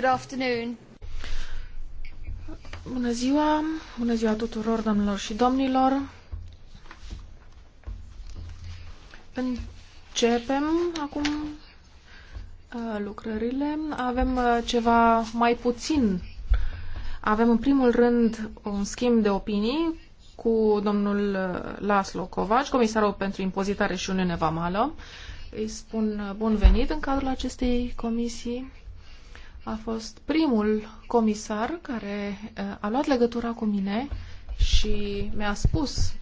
Good afternoon. Bună ziua, bună ziua tuturor, domnilor și domnilor. Începem acum uh, lucrările. Avem uh, ceva mai puțin. Avem în primul rând un schimb de opinii cu domnul uh, Laslo Covaci, comisarul pentru impozitare și Uniune Vamală. Îi spun bun venit în cadrul acestei comisii a fost primul comisar care eh, a luat legătura cu mine și mi-a spus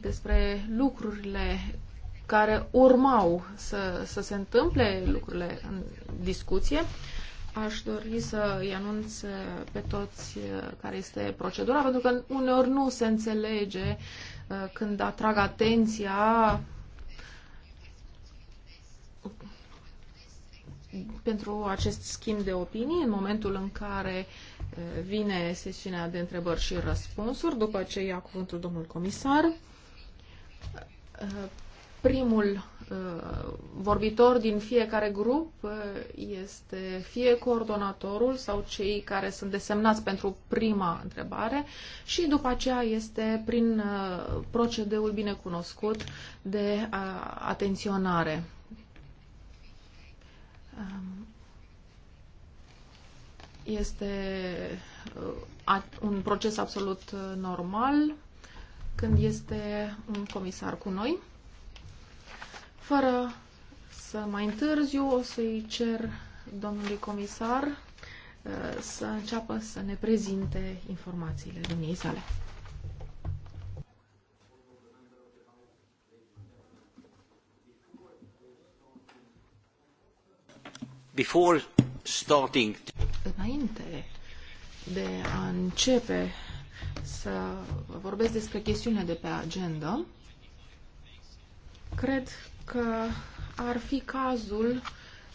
despre lucrurile care urmau să, să se întâmple, lucrurile în discuție. Aș dori să îi anunț eh, pe toți eh, care este procedura, pentru că uneori nu se înțelege când atrag atenția pentru acest schimb de opinii în momentul în care vine sesiunea de întrebări și răspunsuri, după ce ia cuvântul domnul comisar. Primul vorbitor din fiecare grup este fie coordonatorul sau cei care sunt desemnați pentru prima întrebare și după aceea este prin procedeul binecunoscut de atenționare Um, este uh, un proces absolut uh, normal când este un comisar cu noi. Fără să mai întârziu, o să-i cer domnului comisar uh, să înceapă să ne prezinte informațiile domniei sale. Before starting... Înainte de a începe să vorbesc despre chestiunea de pe agenda, cred că ar fi cazul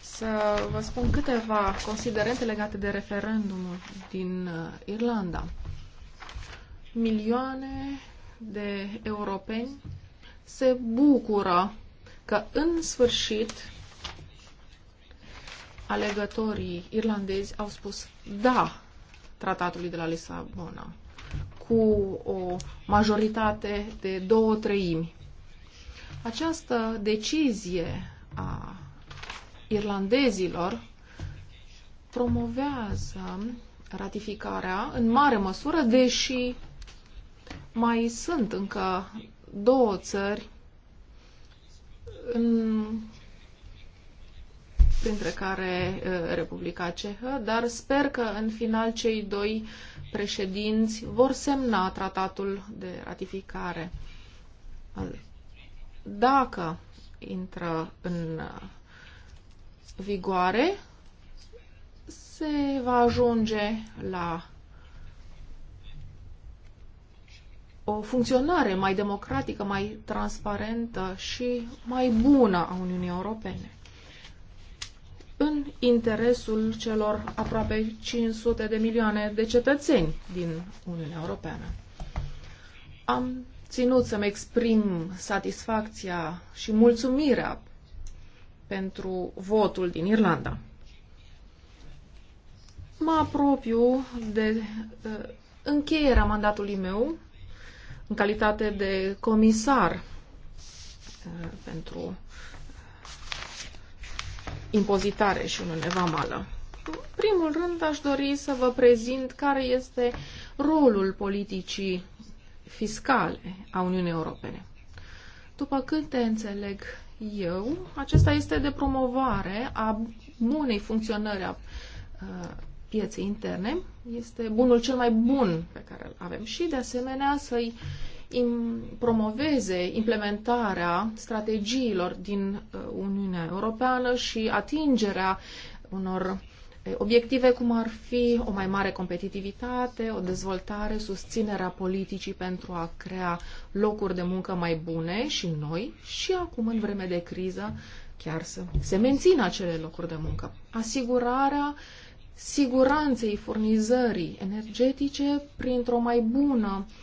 să vă spun câteva considerente legate de referendumul din uh, Irlanda. Milioane de europeni se bucură că în sfârșit alegătorii irlandezi au spus da tratatului de la Lisabona cu o majoritate de două treimi. Această decizie a irlandezilor promovează ratificarea în mare măsură, deși mai sunt încă două țări în printre care Republica Cehă, dar sper că în final cei doi președinți vor semna tratatul de ratificare. Dacă intră în vigoare, se va ajunge la o funcționare mai democratică, mai transparentă și mai bună a Uniunii Europene în interesul celor aproape 500 de milioane de cetățeni din Uniunea Europeană. Am ținut să-mi exprim satisfacția și mulțumirea pentru votul din Irlanda. Mă apropiu de uh, încheierea mandatului meu în calitate de comisar uh, pentru impozitare și unul nevamală. În primul rând, aș dori să vă prezint care este rolul politicii fiscale a Uniunii Europene. După câte înțeleg eu, acesta este de promovare a bunei funcționări a uh, pieței interne. Este bunul cel mai bun pe care îl avem și, de asemenea, să-i uh, promoveze implementarea strategiilor din uh, Uniunea Europeană și atingerea unor eh, obiective cum ar fi o mai mare competitivitate, o dezvoltare, susținerea politicii pentru a crea locuri de muncă mai bune și noi și acum în vreme de criză chiar să se mențină acele locuri de muncă. Asigurarea siguranței furnizării energetice printr-o mai bună uh,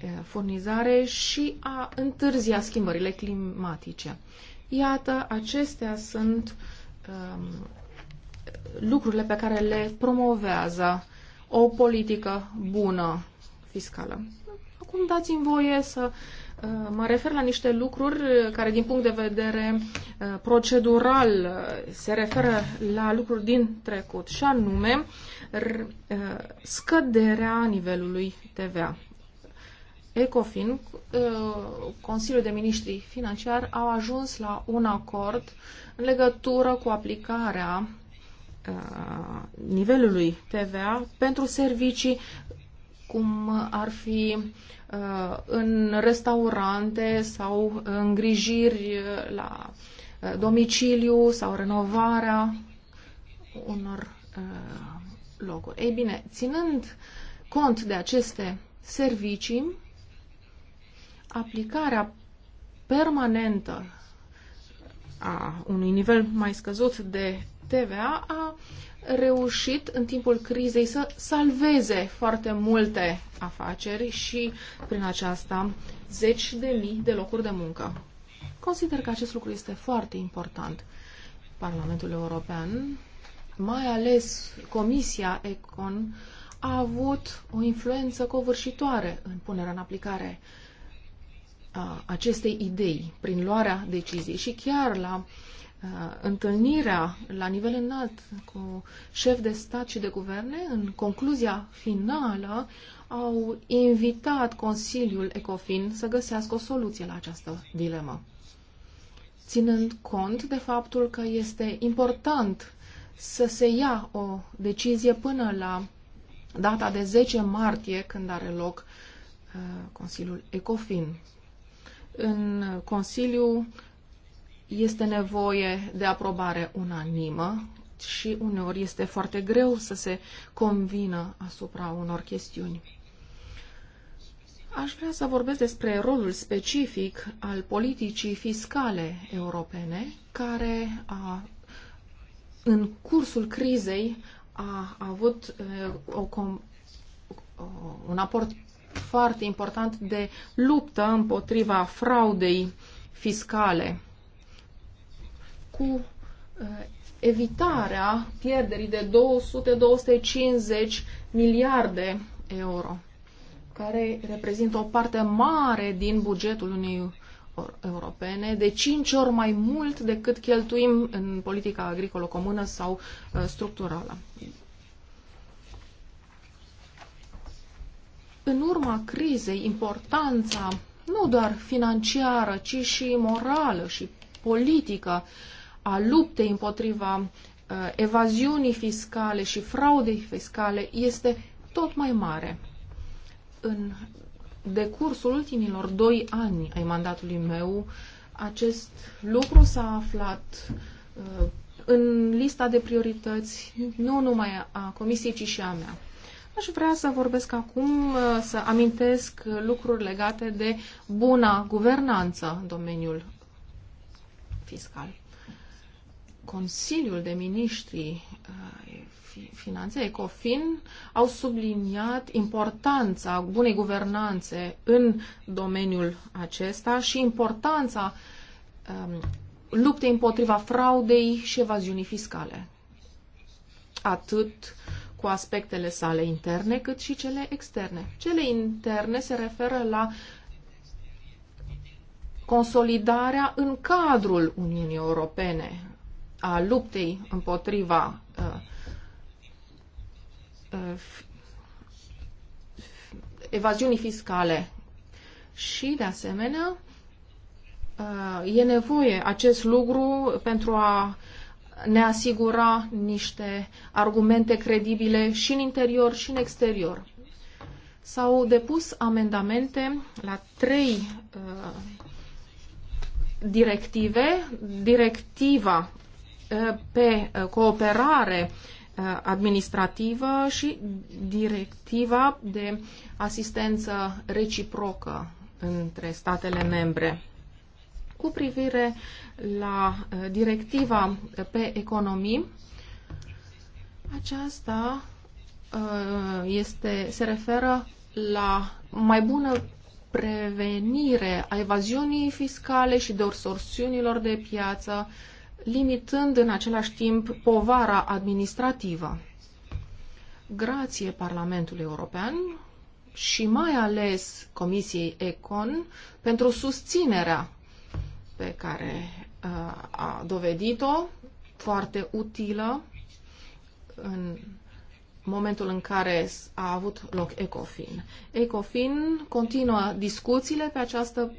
Eh, furnizare și a întârzia schimbările climatice. Iată, acestea sunt um, lucrurile pe care le promovează o politică bună fiscală. Acum dați-mi voie să eh, mă refer la niște lucruri care din punct de vedere eh, procedural se referă la lucruri din trecut și anume scăderea nivelului TVA. ECOFIN, uh, Consiliul de Ministri Financiar, au ajuns la un acord în legătură cu aplicarea uh, nivelului TVA pentru servicii cum ar fi uh, în restaurante sau îngrijiri la domiciliu sau renovarea unor locuri. Ei bine, ținând cont de aceste servicii, aplicarea permanentă a unui nivel mai scăzut de TVA a reușit în timpul crizei să salveze foarte multe afaceri și prin aceasta zeci de mii de locuri de muncă. Consider că acest lucru este foarte important. Parlamentul European, mai ales Comisia Econ, a avut o influență covârșitoare în punerea în aplicare acestei idei prin luarea deciziei și chiar la întâlnirea la nivel înalt cu șef de stat și de guverne, în concluzia finală, au invitat Consiliul ECOFIN să găsească o soluție la această dilemă. Ținând cont de faptul că este important să se ia o decizie până la data de 10 martie, când are loc Consiliul ECOFIN în Consiliu este nevoie de aprobare unanimă și uneori este foarte greu să se convină asupra unor chestiuni. Aș vrea să vorbesc despre rolul specific al politicii fiscale europene, care a, în cursul crizei a avut o, o, un aport foarte important de luptă împotriva fraudei fiscale cu uh, evitarea pierderii de 200-250 miliarde euro, care reprezintă o parte mare din bugetul Uniunii Europene, de 5 ori mai mult decât cheltuim în politica agricolă comună sau uh, structurală. în urma crizei, importanța nu doar financiară, ci și morală și politică a luptei împotriva uh, evaziunii fiscale și fraudei fiscale este tot mai mare. În decursul ultimilor doi ani ai mandatului meu, acest lucru s-a aflat uh, în lista de priorități nu numai a Comisiei, ci și a mea. Aș vrea să vorbesc acum, uh, să amintesc lucruri legate de buna guvernanță în domeniul fiscal. Consiliul de Ministri uh, Finanțe, ECOFIN, au subliniat importanța bunei guvernanțe în domeniul acesta și importanța um, luptei împotriva fraudei și evaziunii fiscale. Atât cu aspectele sale interne, cât și cele externe. Cele interne se referă la consolidarea în cadrul Uniunii Europene a luptei împotriva uh, uh, evaziunii fiscale și, de asemenea, uh, e nevoie acest lucru pentru a ne asigura niște argumente credibile și în interior și în exterior. S-au depus amendamente la trei uh, directive. Directiva uh, pe uh, cooperare uh, administrativă și directiva de asistență reciprocă între statele membre cu privire la uh, directiva pe economii. Aceasta uh, este, se referă la mai bună prevenire a evaziunii fiscale și dorsorțiunilor de piață, limitând în același timp povara administrativă. Grație Parlamentului European și mai ales Comisiei Econ pentru susținerea pe care uh, a dovedit-o, foarte utilă în momentul în care a avut loc ECOFIN. ECOFIN continuă discuțiile pe această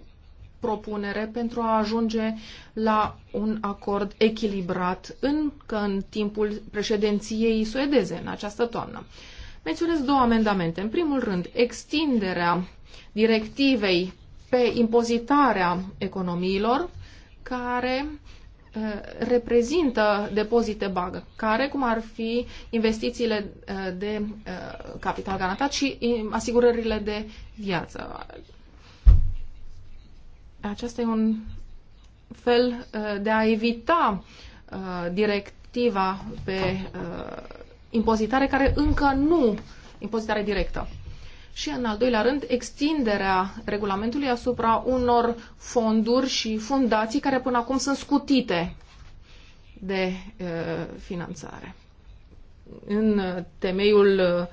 propunere pentru a ajunge la un acord echilibrat încă în timpul președinției suedeze în această toamnă. Menționez două amendamente. În primul rând, extinderea directivei pe impozitarea economiilor care eh, reprezintă depozite bagă, care, cum ar fi investițiile eh, de eh, capital garantat și asigurările de viață. Aceasta e un fel de a evita directiva pe impozitare care încă nu, impozitare directă, și, în al doilea rând, extinderea regulamentului asupra unor fonduri și fundații care până acum sunt scutite de uh, finanțare în temeiul uh,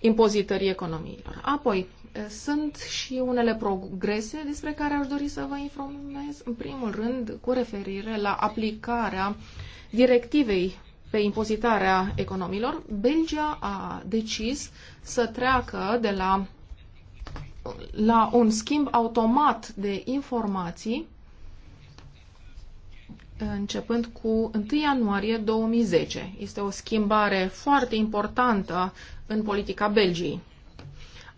impozitării economiilor. Apoi, uh, sunt și unele progrese despre care aș dori să vă informez, în primul rând, cu referire la aplicarea directivei pe impozitarea economiilor, Belgia a decis să treacă de la, la un schimb automat de informații începând cu 1 ianuarie 2010. Este o schimbare foarte importantă în politica Belgiei.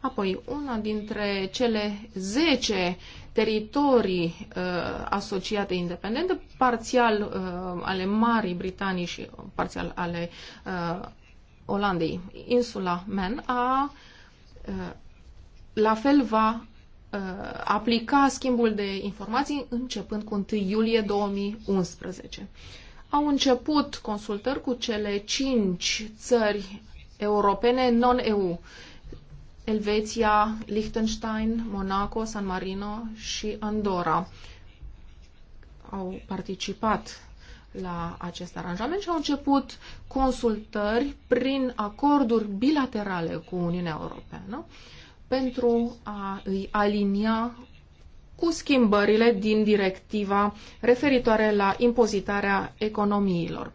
Apoi, una dintre cele 10 teritorii uh, asociate independente, parțial uh, ale Marii Britanii și parțial ale uh, Olandei, insula Man, a, uh, la fel va uh, aplica schimbul de informații începând cu 1 iulie 2011. Au început consultări cu cele 5 țări europene non-EU. Uh, Elveția, Liechtenstein, Monaco, San Marino și Andorra au participat la acest aranjament și au început consultări prin acorduri bilaterale cu Uniunea Europeană pentru a îi alinia cu schimbările din directiva referitoare la impozitarea economiilor.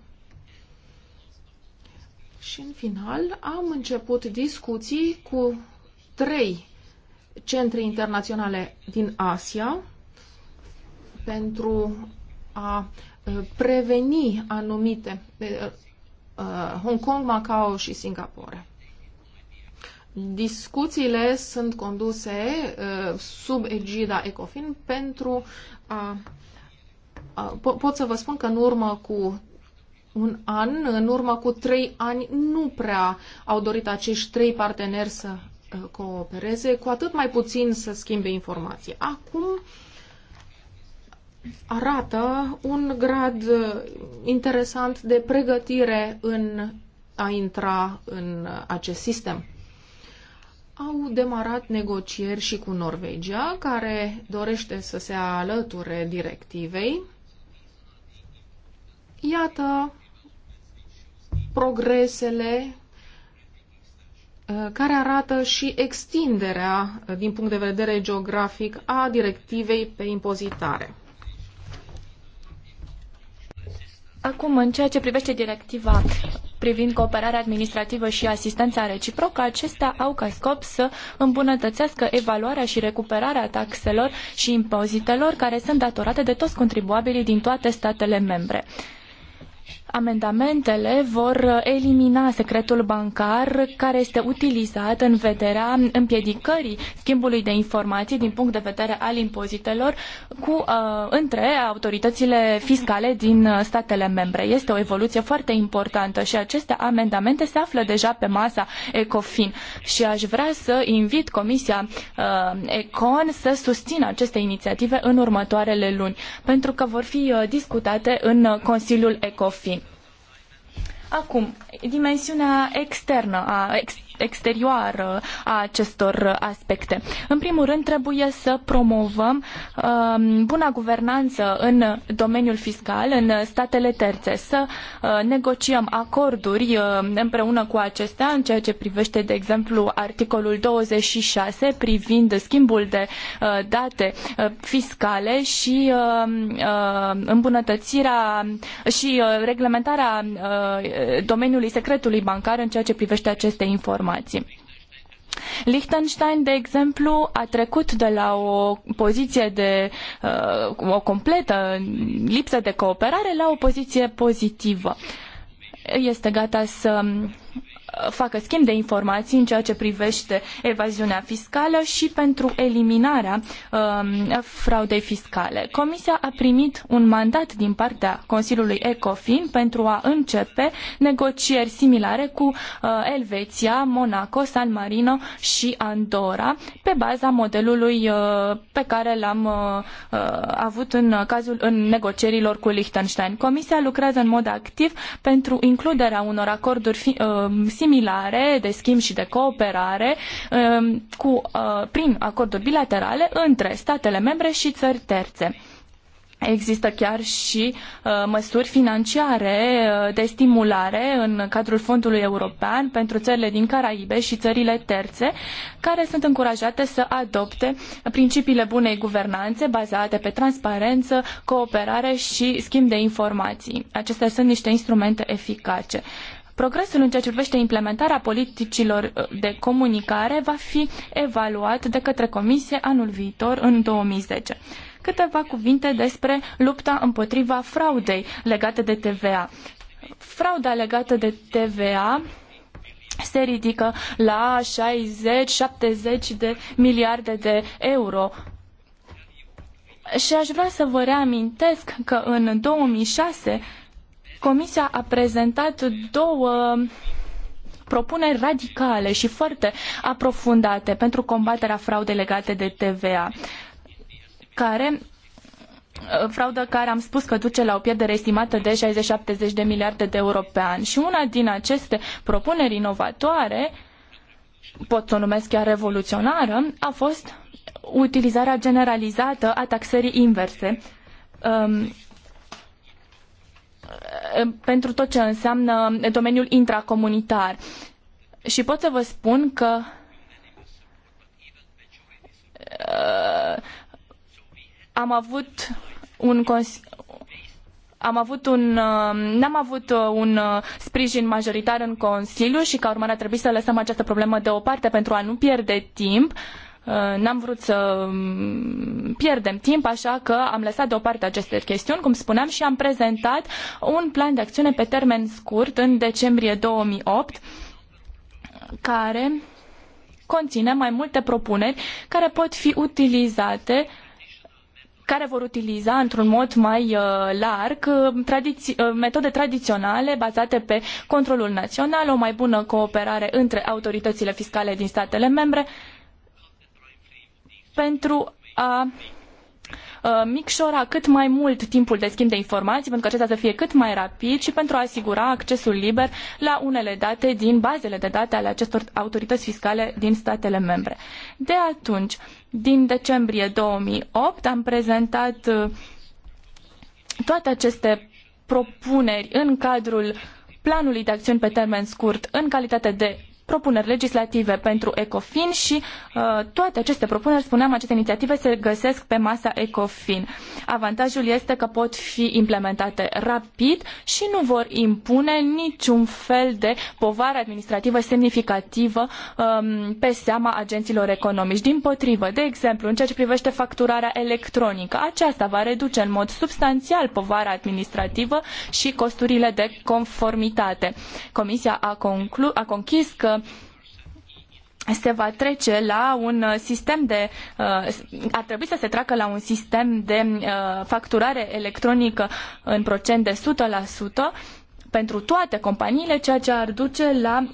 Și în final am început discuții cu trei centre internaționale din Asia pentru a uh, preveni anumite uh, uh, Hong Kong, Macao și Singapore. Discuțiile sunt conduse sub egida ECOFIN pentru a, a pot să vă spun că în urmă cu un an, în urmă cu trei ani, nu prea au dorit acești trei parteneri să coopereze, cu atât mai puțin să schimbe informații. Acum arată un grad interesant de pregătire în a intra în acest sistem. Au demarat negocieri și cu Norvegia, care dorește să se alăture directivei. Iată progresele Uh, care arată și extinderea uh, din punct de vedere geografic a directivei pe impozitare. Acum, în ceea ce privește directiva privind cooperarea administrativă și asistența reciprocă, acestea au ca scop să îmbunătățească evaluarea și recuperarea taxelor și impozitelor care sunt datorate de toți contribuabilii din toate statele membre. Amendamentele vor elimina secretul bancar care este utilizat în vederea împiedicării schimbului de informații din punct de vedere al impozitelor cu, uh, între autoritățile fiscale din uh, statele membre. Este o evoluție foarte importantă și aceste amendamente se află deja pe masa ECOFIN și aș vrea să invit Comisia uh, ECON să susțină aceste inițiative în următoarele luni pentru că vor fi uh, discutate în uh, Consiliul ECOFIN. Acum, dimensiunea externă, a, ex, exterioară a acestor aspecte. În primul rând, trebuie să promovăm um, buna guvernanță în domeniul fiscal, în statele terțe, să uh, negociem acorduri uh, împreună cu acestea în ceea ce privește, de exemplu, articolul 26 privind schimbul de uh, date uh, fiscale și um, uh, îmbunătățirea și uh, reglementarea domeniului secretului bancar în ceea ce privește aceste informații informații. Liechtenstein, de exemplu, a trecut de la o poziție de uh, o completă lipsă de cooperare la o poziție pozitivă. Este gata să facă schimb de informații în ceea ce privește evaziunea fiscală și pentru eliminarea um, fraudei fiscale. Comisia a primit un mandat din partea Consiliului ECOFIN pentru a începe negocieri similare cu uh, Elveția, Monaco, San Marino și Andorra pe baza modelului uh, pe care l-am uh, uh, avut în cazul în negocierilor cu Liechtenstein. Comisia lucrează în mod activ pentru includerea unor acorduri fi, similare uh, similare de schimb și de cooperare um, cu, uh, prin acorduri bilaterale între statele membre și țări terțe. Există chiar și uh, măsuri financiare uh, de stimulare în cadrul Fondului European pentru țările din Caraibe și țările terțe, care sunt încurajate să adopte principiile bunei guvernanțe bazate pe transparență, cooperare și schimb de informații. Acestea sunt niște instrumente eficace. Progresul în ceea ce privește implementarea politicilor uh, de comunicare va fi evaluat de către Comisie anul viitor, în 2010. Câteva cuvinte despre lupta împotriva fraudei legate de TVA. Frauda legată de TVA se ridică la 60-70 de miliarde de euro și aș vrea să vă reamintesc că în 2006 Comisia a prezentat două propuneri radicale și foarte aprofundate pentru combaterea fraudei legate de TVA, care uh, fraudă care am spus că duce la o pierdere estimată de 60-70 de miliarde de euro pe an. Și una din aceste propuneri inovatoare, pot să o numesc chiar revoluționară, a fost utilizarea generalizată a taxării inverse. Um, pentru tot ce înseamnă domeniul intracomunitar. Și pot să vă spun că am avut un am avut un, n-am avut un sprijin majoritar în Consiliu și ca urmare a trebuit să lăsăm această problemă deoparte pentru a nu pierde timp uh, Uh, n-am vrut să um, pierdem timp, așa că am lăsat deoparte aceste chestiuni, cum spuneam, și am prezentat un plan de acțiune pe termen scurt în decembrie 2008, care conține mai multe propuneri care pot fi utilizate care vor utiliza într-un mod mai uh, larg um, tradiți uh, metode tradiționale bazate pe controlul național, o mai bună cooperare între autoritățile fiscale din statele membre, uh, pentru a micșora cât mai mult timpul de schimb de informații, pentru că acesta să fie cât mai rapid și pentru a asigura accesul liber la unele date din bazele de date ale acestor autorități fiscale din statele membre. De atunci, din decembrie 2008, am prezentat toate aceste propuneri în cadrul planului de acțiuni pe termen scurt în calitate de propuneri legislative pentru ECOFIN și uh, toate aceste propuneri, spuneam, aceste inițiative se găsesc pe masa ECOFIN. Avantajul este că pot fi implementate rapid și nu vor impune niciun fel de povară administrativă semnificativă um, pe seama agenților economici. Din potrivă, de exemplu, în ceea ce privește facturarea electronică, aceasta va reduce în mod substanțial povara administrativă și costurile de conformitate. Comisia a, conclu- a conchis că se va trece la un uh, sistem de. Uh, ar trebui să se treacă la un sistem de uh, facturare electronică în procent de 100% pentru toate companiile, ceea ce ar duce la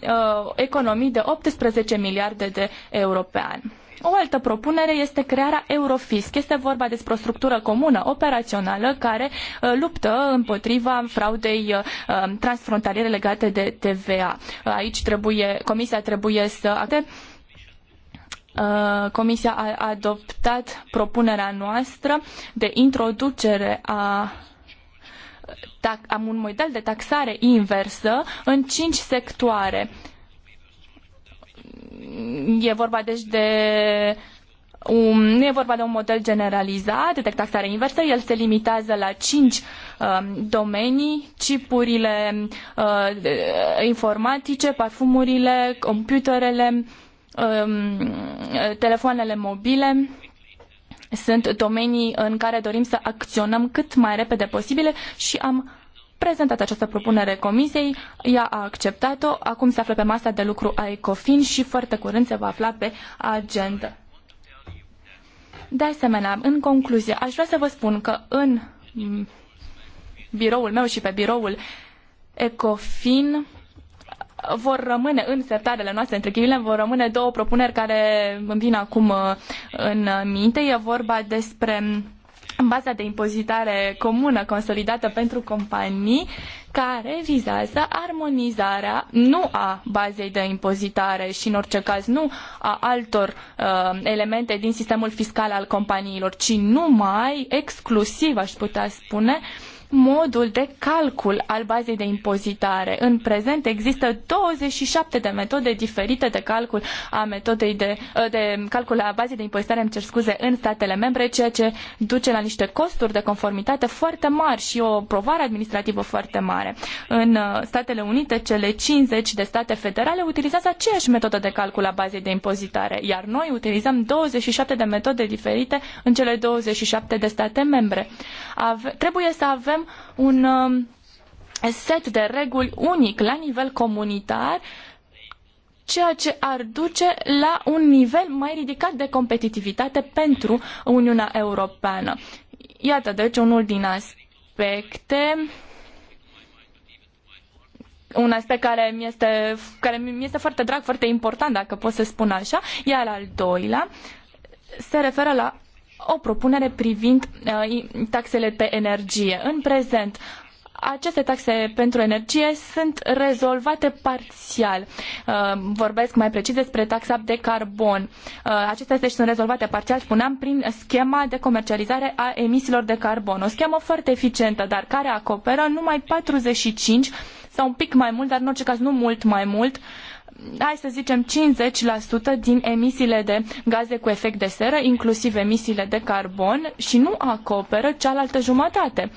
economii de 18 miliarde de euro pe an. O altă propunere este crearea Eurofisc. Este vorba despre o structură comună, operațională, care uh, luptă împotriva fraudei uh, um, transfrontaliere legate de TVA. Uh, aici trebuie, comisia trebuie să acte Comisia a adoptat propunerea noastră de introducere a am un model de taxare inversă în cinci sectoare. Uh, e vorba deci de un, nu e vorba de un model generalizat de taxare inversă, el se limitează la cinci uh, domenii, chipurile uh, informatice, parfumurile, computerele, um, telefoanele mobile. Sunt domenii în care dorim să acționăm cât mai repede posibil și am prezentat această propunere comisiei, ea a acceptat-o, acum se află pe masa de lucru a ECOFIN și foarte curând se va afla pe agenda. De asemenea, în concluzie, aș vrea să vă spun că în biroul meu și pe biroul ECOFIN vor rămâne în sertarele noastre, între ghilimele, vor rămâne două propuneri care îmi vin acum uh, în minte. E vorba despre baza de impozitare comună consolidată pentru companii care vizează armonizarea nu a bazei de impozitare și în orice caz nu a altor uh, elemente din sistemul fiscal al companiilor, ci numai exclusiv, aș putea spune, uh, modul de calcul al bazei de impozitare. În prezent există 27 de metode diferite de calcul a metodei de, ă, de calcul a bazei de impozitare, îmi cer scuze, în statele membre, ceea ce duce la niște costuri de conformitate foarte mari și o provare administrativă foarte mare. În ă, Statele Unite, cele 50 de state federale utilizează aceeași metodă de calcul a bazei de impozitare, iar noi utilizăm 27 de metode diferite în cele 27 de state membre. Ave- trebuie să avem avem un um, set de reguli unic la nivel comunitar ceea ce ar duce la un nivel mai ridicat de competitivitate pentru Uniunea Europeană. Iată, deci, unul din aspecte un aspect care mi este, care mi este foarte drag, foarte important, dacă pot să spun așa, iar al doilea se referă la o propunere privind uh, taxele pe energie. În prezent, aceste taxe pentru energie sunt rezolvate parțial. Uh, vorbesc mai precis despre taxa de carbon. Uh, acestea deci sunt rezolvate parțial, spuneam, prin schema de comercializare a emisiilor de carbon. O schemă foarte eficientă, dar care acoperă numai 45 sau un pic mai mult, dar în orice caz nu mult mai mult, uh, hai să zicem, 50% din emisiile de gaze cu efect de seră, inclusiv emisiile de carbon, și nu acoperă cealaltă jumătate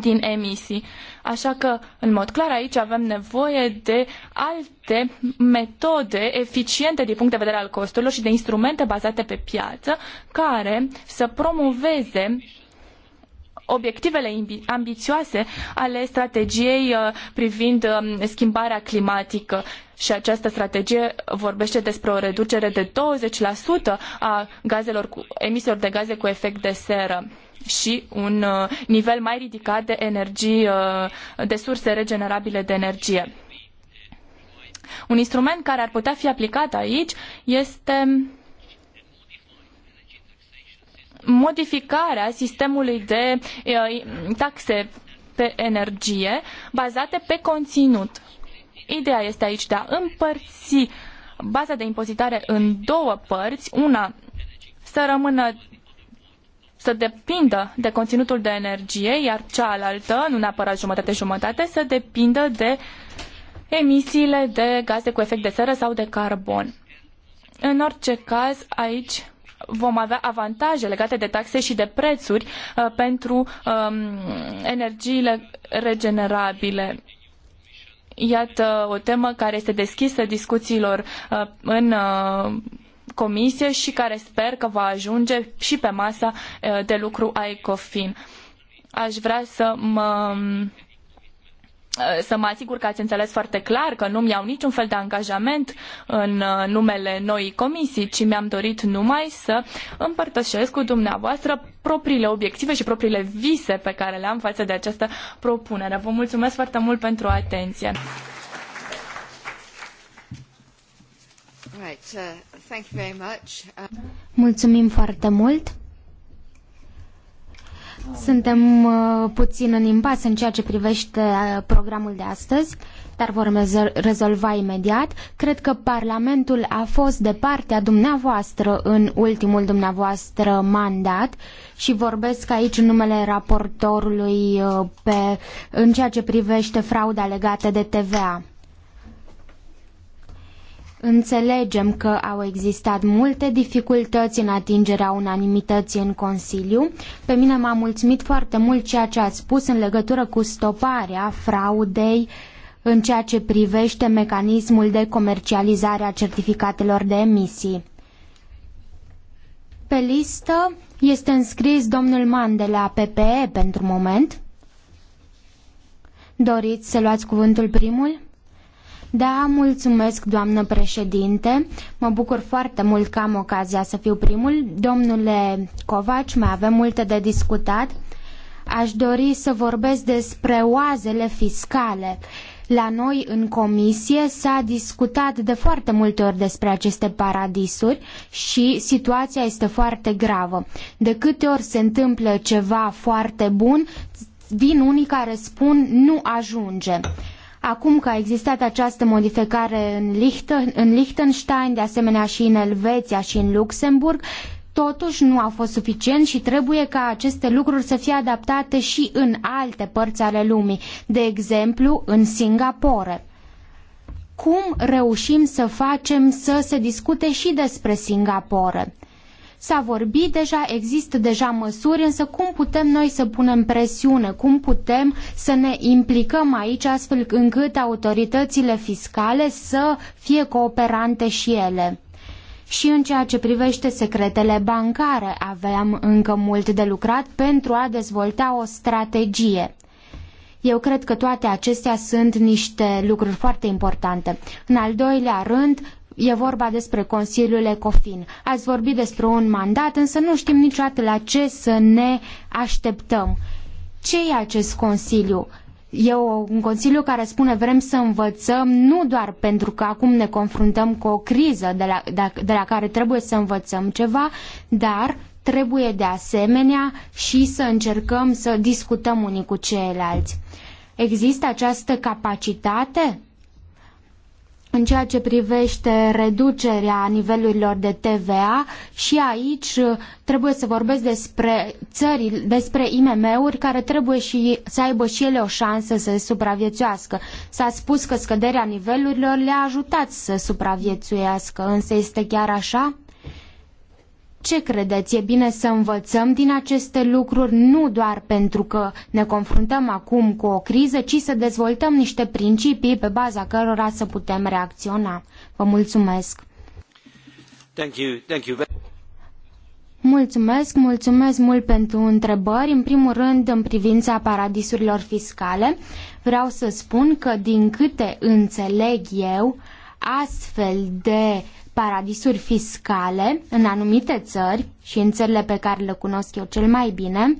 din emisii. Așa că, în mod clar, aici avem nevoie de alte metode eficiente din punct de vedere al costurilor și de instrumente bazate pe piață care să promoveze obiectivele ambițioase ale strategiei uh, privind um, schimbarea climatică și această strategie vorbește despre o reducere de 20% a gazelor cu, emisiilor de gaze cu efect de seră și un uh, nivel mai ridicat de energii, uh, de surse regenerabile de energie. Un instrument care ar putea fi aplicat aici este modificarea sistemului de uh, taxe pe energie bazate pe conținut. Ideea este aici de a împărți baza de impozitare în două părți, una să rămână să depindă de conținutul de energie, iar cealaltă, nu neapărat jumătate-jumătate, să depindă de emisiile de gaze cu efect de seră sau de carbon. În orice caz, aici vom avea avantaje legate de taxe și de prețuri uh, pentru um, energiile regenerabile. Iată o temă care este deschisă discuțiilor uh, în uh, comisie și care sper că va ajunge și pe masa uh, de lucru a ECOFIN. Aș vrea să mă Eh, să mă asigur că ați înțeles foarte clar că nu-mi iau niciun fel de angajament în eh, numele noii comisii, ci mi-am dorit numai să împărtășesc cu dumneavoastră propriile obiective și propriile vise pe care le am față de această propunere. Vă mulțumesc foarte mult pentru atenție. Uh, uh, Mulțumim foarte mult. Suntem uh, puțin în impas în ceea ce privește uh, programul de astăzi, dar vom rezolva imediat. Cred că Parlamentul a fost de partea dumneavoastră în ultimul dumneavoastră mandat și vorbesc aici în numele raportorului uh, pe, în ceea ce privește frauda legată de TVA. Înțelegem că au existat multe dificultăți în atingerea unanimității în Consiliu. Pe mine m-a mulțumit foarte mult ceea ce ați spus în legătură cu stoparea fraudei în ceea ce privește mecanismul de comercializare a certificatelor de emisii. Pe listă este înscris domnul Man de la PPE pentru moment. Doriți să luați cuvântul primul? Da, mulțumesc, doamnă președinte. Mă bucur foarte mult că am ocazia să fiu primul. Domnule Covaci, mai avem multe de discutat. Aș dori să vorbesc despre oazele fiscale. La noi, în comisie, s-a discutat de foarte multe ori despre aceste paradisuri și situația este foarte gravă. De câte ori se întâmplă ceva foarte bun, vin unii care spun nu ajunge. Acum că a existat această modificare în, Lichten, în Liechtenstein, de asemenea și în Elveția și în Luxemburg, totuși nu a fost suficient și trebuie ca aceste lucruri să fie adaptate și în alte părți ale lumii, de exemplu în Singapore. Cum reușim să facem să se discute și despre Singapore? S-a vorbit deja, există deja măsuri, însă cum putem noi să punem presiune, cum putem să ne implicăm aici astfel încât autoritățile fiscale să fie cooperante și ele? Și în ceea ce privește secretele bancare, aveam încă mult de lucrat pentru a dezvolta o strategie. Eu cred că toate acestea sunt niște lucruri foarte importante. În al doilea rând, E vorba despre Consiliul Ecofin. Ați vorbit despre un mandat, însă nu știm niciodată la ce să ne așteptăm. Ce e acest Consiliu? E un consiliu care spune vrem să învățăm nu doar pentru că acum ne confruntăm cu o criză de la, de, de la care trebuie să învățăm ceva, dar trebuie de asemenea și să încercăm să discutăm unii cu ceilalți. Există această capacitate? în ceea ce privește reducerea nivelurilor de TVA și aici uh, trebuie să vorbesc despre țări, despre IMM-uri care trebuie și, să aibă și ele o șansă să supraviețuiască. S-a spus că scăderea nivelurilor le-a ajutat să supraviețuiască, însă este chiar așa? Ce credeți? E bine să învățăm din aceste lucruri nu doar pentru că ne confruntăm acum cu o criză, ci să dezvoltăm niște principii pe baza cărora să putem reacționa. Vă mulțumesc! Thank you. Thank you. Mulțumesc, mulțumesc mult pentru întrebări. În primul rând, în privința paradisurilor fiscale, vreau să spun că, din câte înțeleg eu, astfel de paradisuri fiscale în anumite țări și în țările pe care le cunosc eu cel mai bine,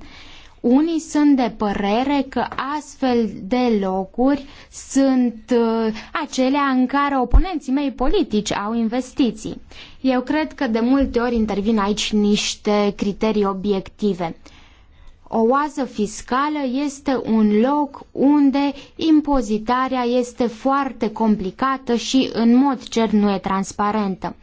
unii sunt de părere că astfel de locuri sunt uh, acelea în care oponenții mei politici au investiții. Eu cred că de multe ori intervin aici niște criterii obiective. O oază fiscală este un loc unde impozitarea este foarte complicată și în mod cer nu e transparentă.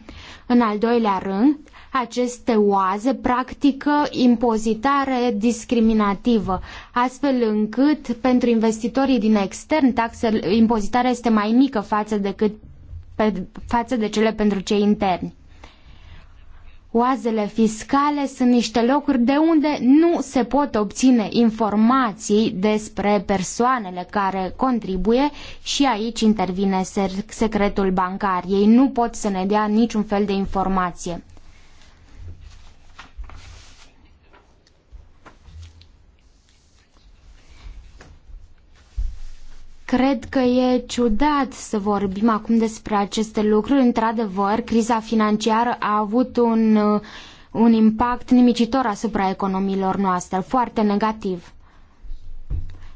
În al doilea rând, aceste oaze practică impozitare discriminativă, astfel încât pentru investitorii din extern taxele, impozitarea este mai mică față, decât, pe, față de cele pentru cei interni. Oazele fiscale sunt niște locuri de unde nu se pot obține informații despre persoanele care contribuie și aici intervine secretul bancar. Ei nu pot să ne dea niciun fel de informație. Cred că e ciudat să vorbim acum despre aceste lucruri. Într-adevăr, criza financiară a avut un, uh, un impact nimicitor asupra economiilor noastre, foarte negativ.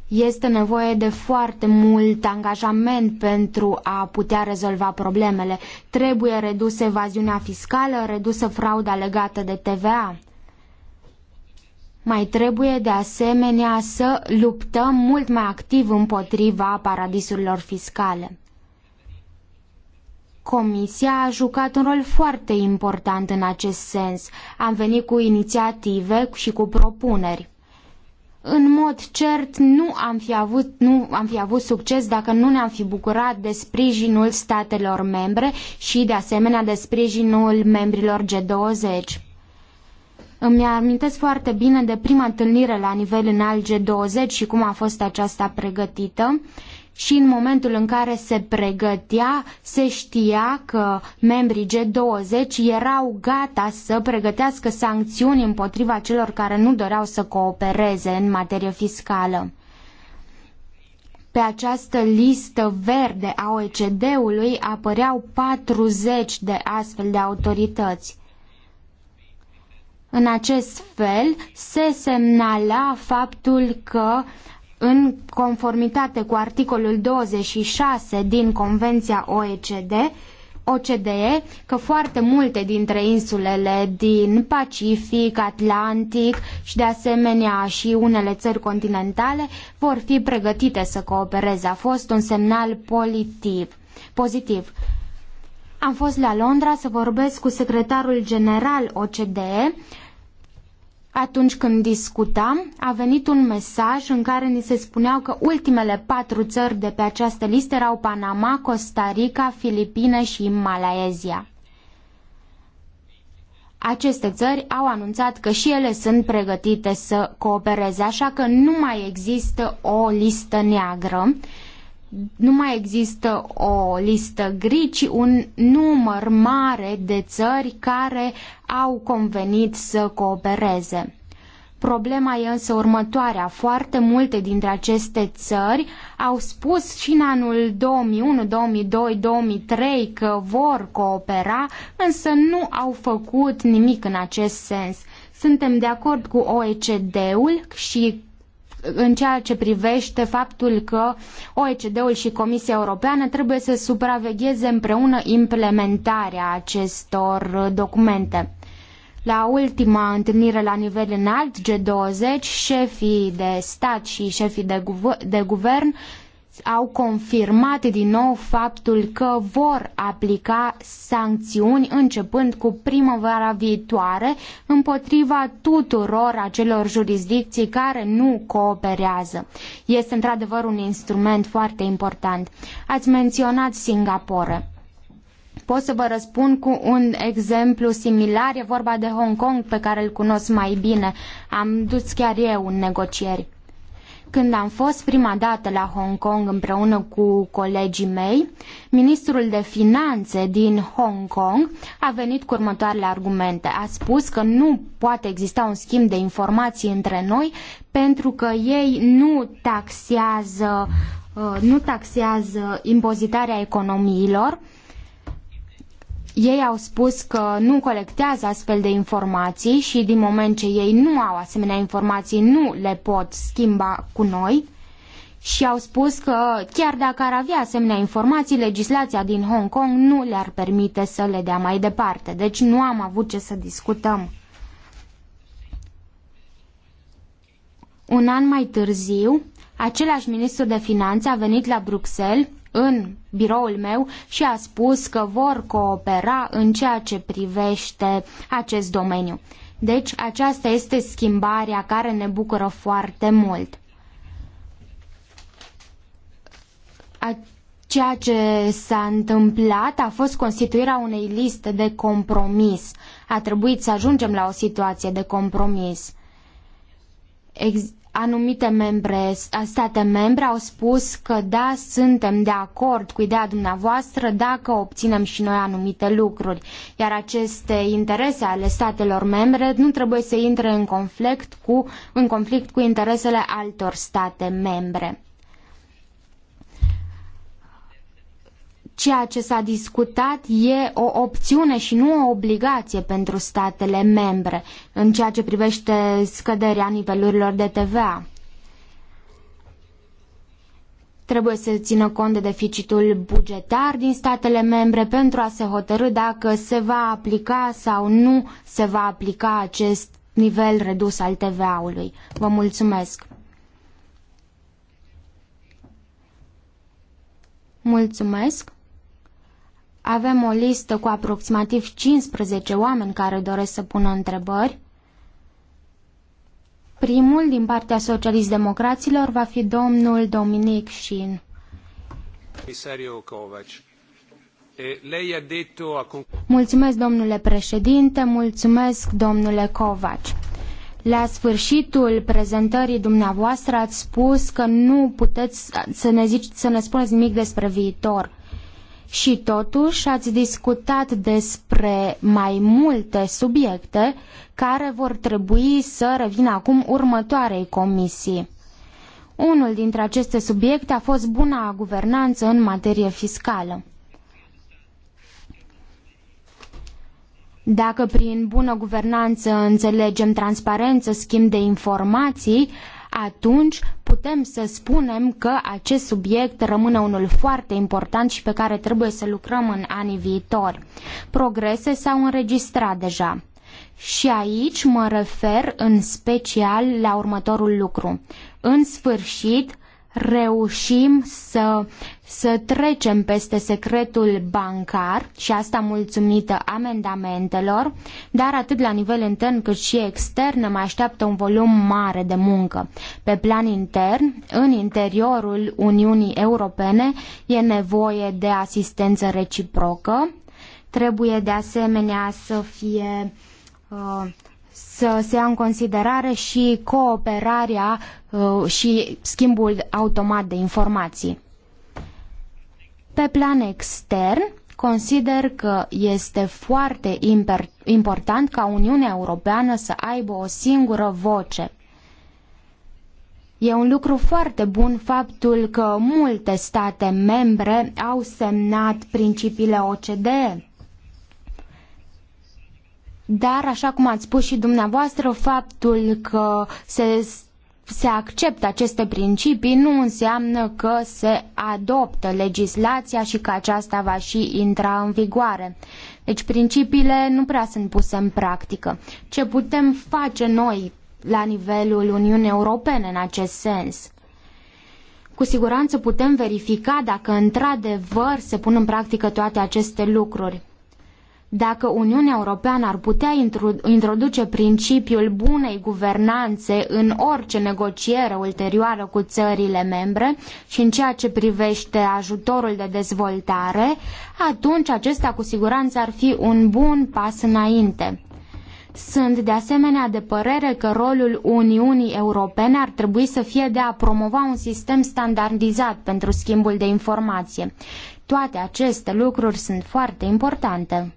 Este nevoie de foarte mult angajament pentru a putea rezolva problemele. Trebuie redusă evaziunea fiscală, redusă frauda legată de TVA mai trebuie de asemenea să luptăm mult mai activ împotriva paradisurilor fiscale. Comisia a jucat un rol foarte important în acest sens. Am venit cu inițiative și cu propuneri. În mod cert, nu am fi avut, nu am fi avut succes dacă nu ne-am fi bucurat de sprijinul statelor membre și, de asemenea, de sprijinul membrilor G20. Îmi amintesc foarte bine de prima întâlnire la nivel în G20 și cum a fost aceasta pregătită și în momentul în care se pregătea, se știa că membrii G20 erau gata să pregătească sancțiuni împotriva celor care nu doreau să coopereze în materie fiscală. Pe această listă verde a OECD-ului apăreau 40 de astfel de autorități. În acest fel se semnala faptul că în conformitate cu articolul 26 din Convenția OECD, OCDE că foarte multe dintre insulele din Pacific, Atlantic și de asemenea și unele țări continentale vor fi pregătite să coopereze. A fost un semnal politiv, pozitiv. Am fost la Londra să vorbesc cu secretarul general OCDE atunci când discutam, a venit un mesaj în care ni se spuneau că ultimele patru țări de pe această listă erau Panama, Costa Rica, Filipine și Malaezia. Aceste țări au anunțat că și ele sunt pregătite să coopereze, așa că nu mai există o listă neagră nu mai există o listă gri, ci un număr mare de țări care au convenit să coopereze. Problema e însă următoarea. Foarte multe dintre aceste țări au spus și în anul 2001, 2002, 2003 că vor coopera, însă nu au făcut nimic în acest sens. Suntem de acord cu OECD-ul și în ceea ce privește faptul că OECD-ul și Comisia Europeană trebuie să supravegheze împreună implementarea acestor documente. La ultima întâlnire la nivel înalt, G20, șefii de stat și șefii de, guver- de guvern au confirmat din nou faptul că vor aplica sancțiuni începând cu primăvara viitoare împotriva tuturor acelor jurisdicții care nu cooperează. Este într-adevăr un instrument foarte important. Ați menționat Singapore. Pot să vă răspund cu un exemplu similar, e vorba de Hong Kong pe care îl cunosc mai bine. Am dus chiar eu în negocieri. Când am fost prima dată la Hong Kong împreună cu colegii mei, ministrul de finanțe din Hong Kong a venit cu următoarele argumente. A spus că nu poate exista un schimb de informații între noi pentru că ei nu taxează, uh, nu taxează impozitarea economiilor ei au spus că nu colectează astfel de informații și din moment ce ei nu au asemenea informații, nu le pot schimba cu noi și au spus că chiar dacă ar avea asemenea informații, legislația din Hong Kong nu le-ar permite să le dea mai departe. Deci nu am avut ce să discutăm. Un an mai târziu, același ministru de finanțe a venit la Bruxelles în biroul meu și a spus că vor coopera în ceea ce privește acest domeniu. Deci aceasta este schimbarea care ne bucură foarte mult. A ceea ce s-a întâmplat a fost constituirea unei liste de compromis. A trebuit să ajungem la o situație de compromis. Ex anumite membre, state membre au spus că da, suntem de acord cu ideea dumneavoastră dacă obținem și noi anumite lucruri. Iar aceste interese ale statelor membre nu trebuie să intre în conflict cu, în conflict cu interesele altor state membre. ceea ce s-a discutat e o opțiune și nu o obligație pentru statele membre în ceea ce privește scăderea nivelurilor de TVA. Trebuie să țină cont de deficitul bugetar din statele membre pentru a se hotărî dacă se va aplica sau nu se va aplica acest nivel redus al TVA-ului. Vă mulțumesc! Mulțumesc! Avem o listă cu aproximativ 15 oameni care doresc să pună întrebări. Primul din partea socialist-democraților va fi domnul Dominic Shin. Mulțumesc, domnule președinte, mulțumesc, domnule Covaci. La sfârșitul prezentării dumneavoastră ați spus că nu puteți să ne, zici, să ne spuneți nimic despre viitor. Și totuși ați discutat despre mai multe subiecte care vor trebui să revină acum următoarei comisii. Unul dintre aceste subiecte a fost buna guvernanță în materie fiscală. Dacă prin bună guvernanță înțelegem transparență, schimb de informații, atunci putem să spunem că acest subiect rămâne unul foarte important și pe care trebuie să lucrăm în anii viitori. Progrese s-au înregistrat deja. Și aici mă refer în special la următorul lucru. În sfârșit, reușim să, să trecem peste secretul bancar și asta mulțumită amendamentelor, dar atât la nivel intern cât și extern ne mai așteaptă un volum mare de muncă. Pe plan intern, în interiorul Uniunii Europene e nevoie de asistență reciprocă, trebuie de asemenea să fie uh, să se ia în considerare și cooperarea uh, și schimbul automat de informații. Pe plan extern, consider că este foarte important ca Uniunea Europeană să aibă o singură voce. E un lucru foarte bun faptul că multe state membre au semnat principiile OCDE dar, așa cum ați spus și dumneavoastră, faptul că se, se acceptă aceste principii nu înseamnă că se adoptă legislația și că aceasta va și intra în vigoare. Deci principiile nu prea sunt puse în practică. Ce putem face noi la nivelul Uniunii Europene în acest sens? Cu siguranță putem verifica dacă într-adevăr se pun în practică toate aceste lucruri. Dacă Uniunea Europeană ar putea introduce principiul bunei guvernanțe în orice negociere ulterioară cu țările membre și în ceea ce privește ajutorul de dezvoltare, atunci acesta cu siguranță ar fi un bun pas înainte. Sunt de asemenea de părere că rolul Uniunii Europene ar trebui să fie de a promova un sistem standardizat pentru schimbul de informație. Toate aceste lucruri sunt foarte importante.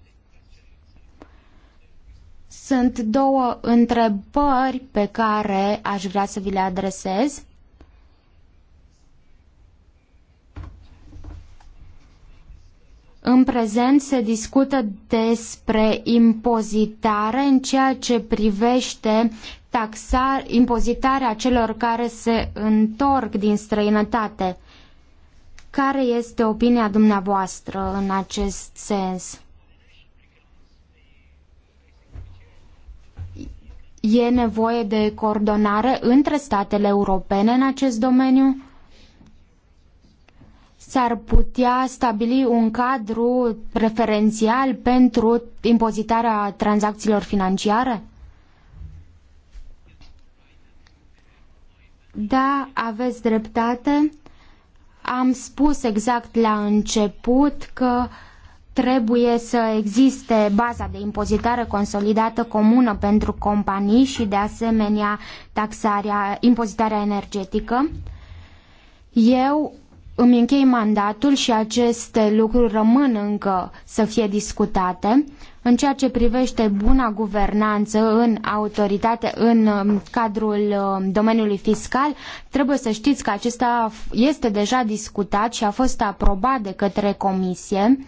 Sunt două întrebări pe care aș vrea să vi le adresez. În prezent se discută despre impozitare în ceea ce privește taxar, impozitarea celor care se întorc din străinătate. Care este opinia dumneavoastră în acest sens? E nevoie de coordonare între statele europene în acest domeniu? S-ar putea stabili un cadru preferențial pentru impozitarea tranzacțiilor financiare? Da, aveți dreptate. Am spus exact la început că uh, Trebuie să existe baza de impozitare consolidată comună pentru companii și de asemenea taxarea, impozitarea energetică. Eu îmi închei mandatul și aceste lucruri rămân încă să fie discutate. În ceea ce privește buna guvernanță în autoritate, în um, cadrul um, domeniului fiscal, trebuie să știți că acesta este deja discutat și a fost aprobat de către Comisie. Uh,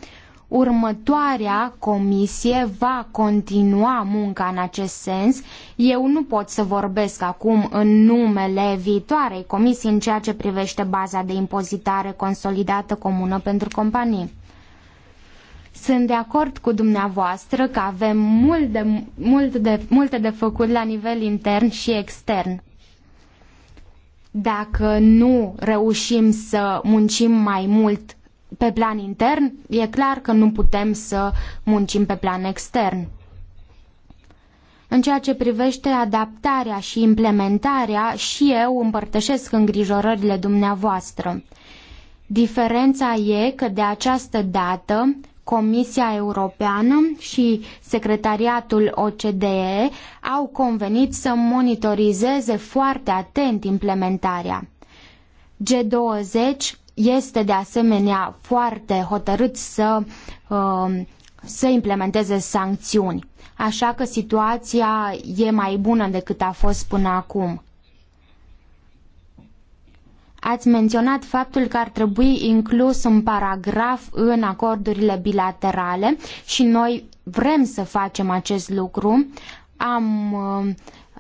Următoarea comisie va continua munca în acest sens. Eu nu pot să vorbesc acum în numele viitoarei comisii în ceea ce privește baza de impozitare consolidată comună pentru companii. Sunt de acord cu dumneavoastră că avem mult de, mult de, multe de făcut la nivel intern și extern. Dacă nu reușim să muncim mai mult pe plan intern, e clar că nu putem să muncim pe plan extern. În ceea ce privește adaptarea și implementarea, și eu împărtășesc îngrijorările dumneavoastră. Diferența e că de această dată Comisia Europeană și Secretariatul OCDE au convenit să monitorizeze foarte atent implementarea. G20 este de asemenea foarte hotărât să, um, să implementeze sancțiuni. Așa că situația e mai bună decât a fost până acum. Ați menționat faptul că ar trebui inclus un paragraf în acordurile bilaterale și noi vrem să facem acest lucru. Am um,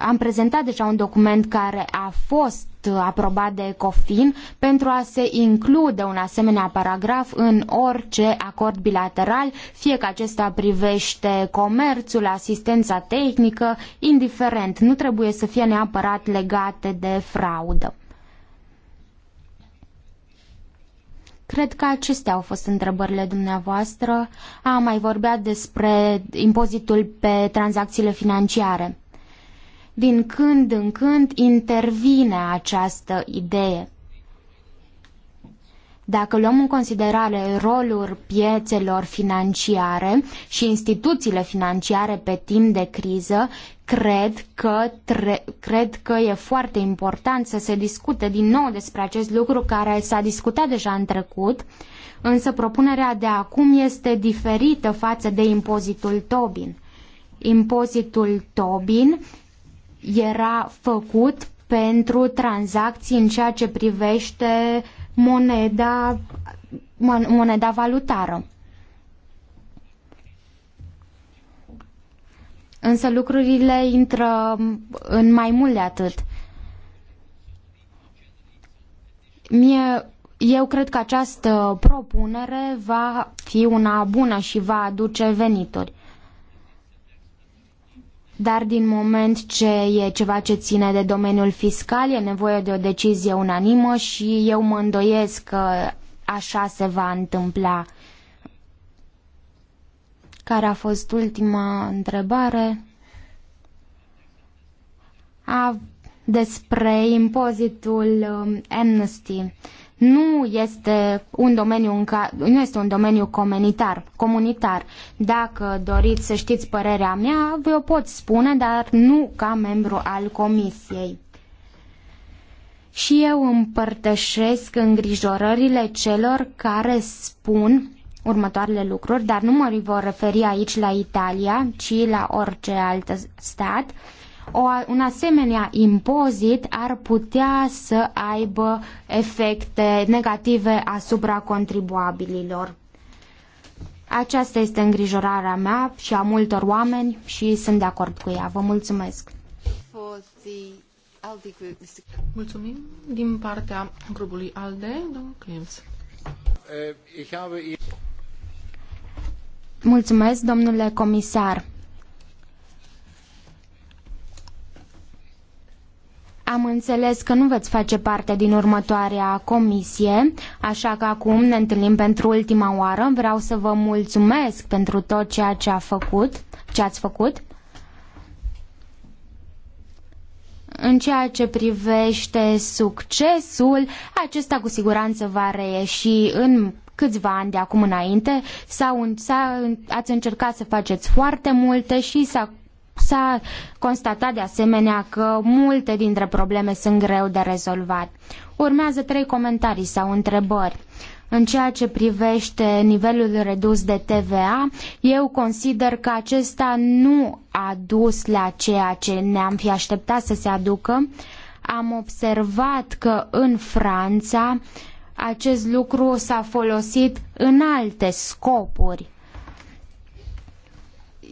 am prezentat deja un document care a fost aprobat de ECOFIN pentru a se include un asemenea paragraf în orice acord bilateral, fie că acesta privește comerțul, asistența tehnică, indiferent, nu trebuie să fie neapărat legate de fraudă. Cred că acestea au fost întrebările dumneavoastră. Am mai vorbea despre impozitul pe tranzacțiile financiare din când în când intervine această idee. Dacă luăm în considerare rolul piețelor financiare și instituțiile financiare pe timp de criză, cred că, tre- cred că e foarte important să se discute din nou despre acest lucru care s-a discutat deja în trecut, însă propunerea de acum este diferită față de impozitul Tobin. Impozitul Tobin era făcut pentru tranzacții în ceea ce privește moneda, moneda valutară. Însă lucrurile intră în mai mult de atât. Mie, eu cred că această propunere va fi una bună și va aduce venituri dar din moment ce e ceva ce ține de domeniul fiscal, e nevoie de o decizie unanimă și eu mă îndoiesc că așa se va întâmpla. Care a fost ultima întrebare? A, despre impozitul um, Amnesty nu este un domeniu, în ca, nu este un domeniu comunitar, comunitar. Dacă doriți să știți părerea mea, vă o pot spune, dar nu ca membru al comisiei. Și eu împărtășesc îngrijorările celor care spun următoarele lucruri, dar nu mă vor referi aici la Italia, ci la orice alt stat. Uh, o, un asemenea impozit ar putea să aibă efecte negative asupra contribuabililor. Aceasta este îngrijorarea mea și a multor oameni și sunt de acord cu ea. Vă mulțumesc! Mulțumim din partea grupului ALDE, domnul Clems. Eh, mulțumesc, domnule comisar. Am înțeles că nu veți face parte din următoarea comisie, așa că acum ne întâlnim pentru ultima oară. Vreau să vă mulțumesc pentru tot ceea ce, a făcut, ce ați făcut. În ceea ce privește succesul, acesta cu siguranță va reieși în câțiva ani de acum înainte. s ați încercat să faceți foarte multe și s-a S-a constatat de asemenea că multe dintre probleme sunt greu de rezolvat. Urmează trei comentarii sau întrebări. În ceea ce privește nivelul redus de TVA, eu consider că acesta nu a dus la ceea ce ne-am fi așteptat să se aducă. Am observat că în Franța acest lucru s-a folosit în alte scopuri.